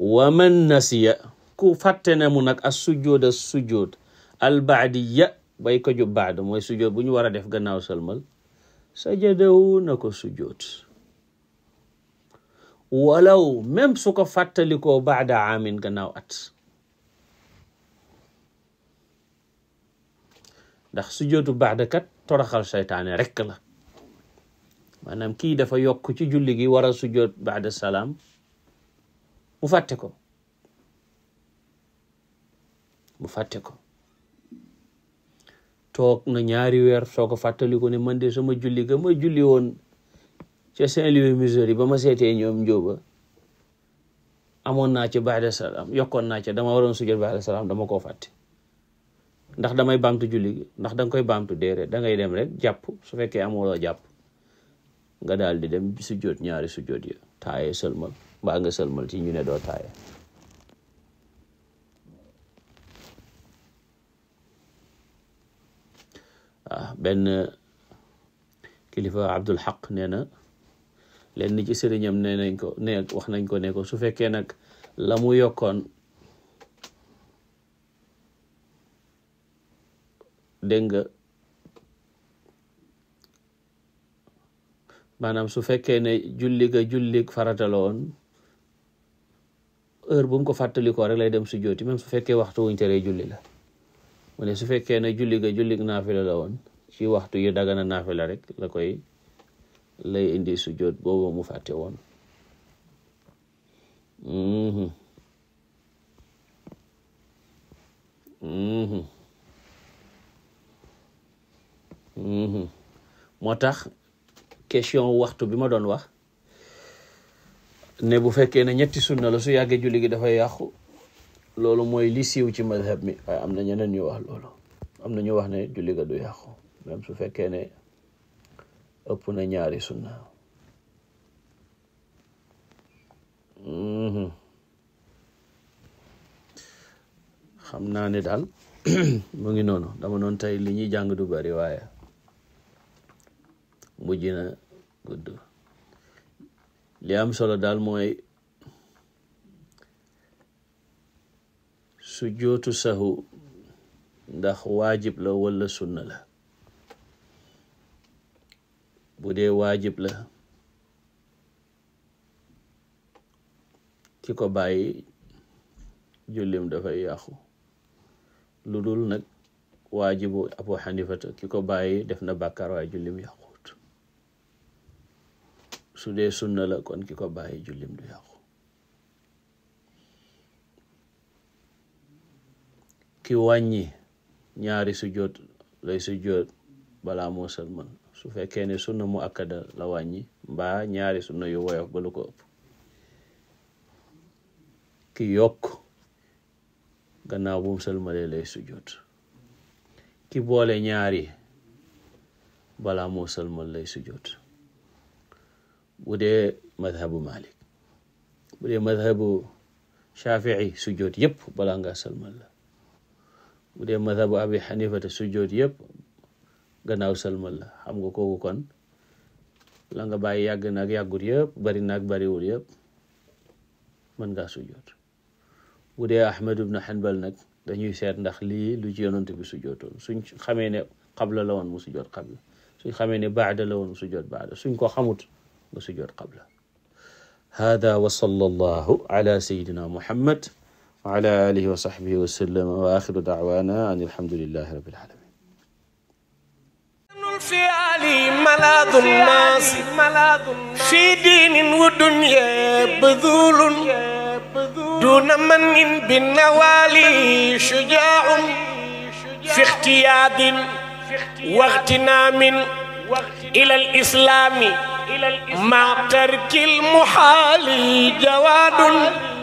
wa man nasiya ku fàtte na mu nag a sujjood as sujjood al baadiya bay ko ju baad mooy sujjood bu ñu war a def gannaaw salmal sajadawu na ko sujjood walaw même su ko fàttalikoo baada aamin gannaaw at ndax sujjoodu baada kat toraxal seytaane rekk la maanaam kii dafa yokk ci julli gi war a sujjoot baada salaam mu fàtte ko mu fàtte ko toog na ñaari weer soo ko fàttaliku ne man de sama julli ga ma julli woon ca Saint-Louis Missouri ba ma seetee ñoom njóoba amoon naa ci baada salaam yokkoon naa ci dama waroon sujjoot baada salaam dama koo fàtte ndax damay baamtu julli gi ndax danga koy baamtu déere da ngay dem rek jàpp su fekkee amuloo jàpp nga daal di dem su jot ñaari su jot ya taaye sëlmal mbaa nga sëlmal ci ne doo taaye ah, benn kilifa Abdul Xaq nee na lenn ci sëriñam nee nañ ko ne wax nañ ko ne ko su fekkee nag lamu yokkoon dégg nga maanaam su fekkee ne julli ga julli farata la woon heure bu mu ko fàttalikoo rek lay dem su jooti su fekkee waxtu wuñ teree julli la mu su fekkee ne julli ga julli naafila la woon ci waxtu yu dagana naafila rek la koy lay indi su joot boobu mu fàtte woon mm-hmm. Mm-hmm. Mm-hmm. moo tax question waxtu bi ma doon wax ne bu fekkee ne ñetti sunna la su yàggee julli gi dafay yàqu loolu mooy li siiw ci madhab mi am na ñeneen ñu wax loolu am na ñu wax ne julli ga du yàqu même su fekkee ne ëpp na ñaari sunna mhm. xam naa ne daal mu ngi noonu dama noonu tey li ñuy jàng du bari waaye mujj na gudd li am solo daal mooy sujjootu sahu ndax waajib la walla sunna la bu dee waajib la ki ko bàyyi jullim dafa yàqu lu dul nag waajibu Abu Xanifata ki ko bàyyi def na bàkkaar waaye jullim yàqu su dee sunna la kon ki ko bàyyi jullim du yàqu ki wàññi ñaari sujjóot lay sujjóot balaa moo salman su fekkee ne sunna mu akkada la wàññi mbaa ñaari sunna yu woyof ba ko ëpp ki yokk gannaaw bu mu salmalee lay sujjóot ki boole ñaari balaa moo salman lay sujjóot bu dee madhabu malik bu dee madhabu shafii sujjoot yëpp balaa nga salmal la bu dee madhabu abi xanifata sujjoot yëpp gannaaw salmal la xam nga ko kon la nga bàyyi yàgg naag yàggut yëpp bari naag bariwul yëpp mën ngaa sujjoot bu dee ahmad ibn hanbal nag dañuy seet ndax lii lu ci yonent bi sujjootoon suñ xamee ne qabla la woon mu sujjoot qabla suñ xamee ne baada la woon mu sujjoot baada suñ ko xamut nga sujjoot qabla hada wa sallallahu ala sayidina muhammad wa ala alihi wa sahbihi wa sallam wa axiru daawana an alhamdulillahi rabbil alamin الفعل ملاذ الناس في دين ودنيا بذول دون من بالنوالي شجاع في اختياد واغتنام إلى الإسلام مع ترك المحال جواد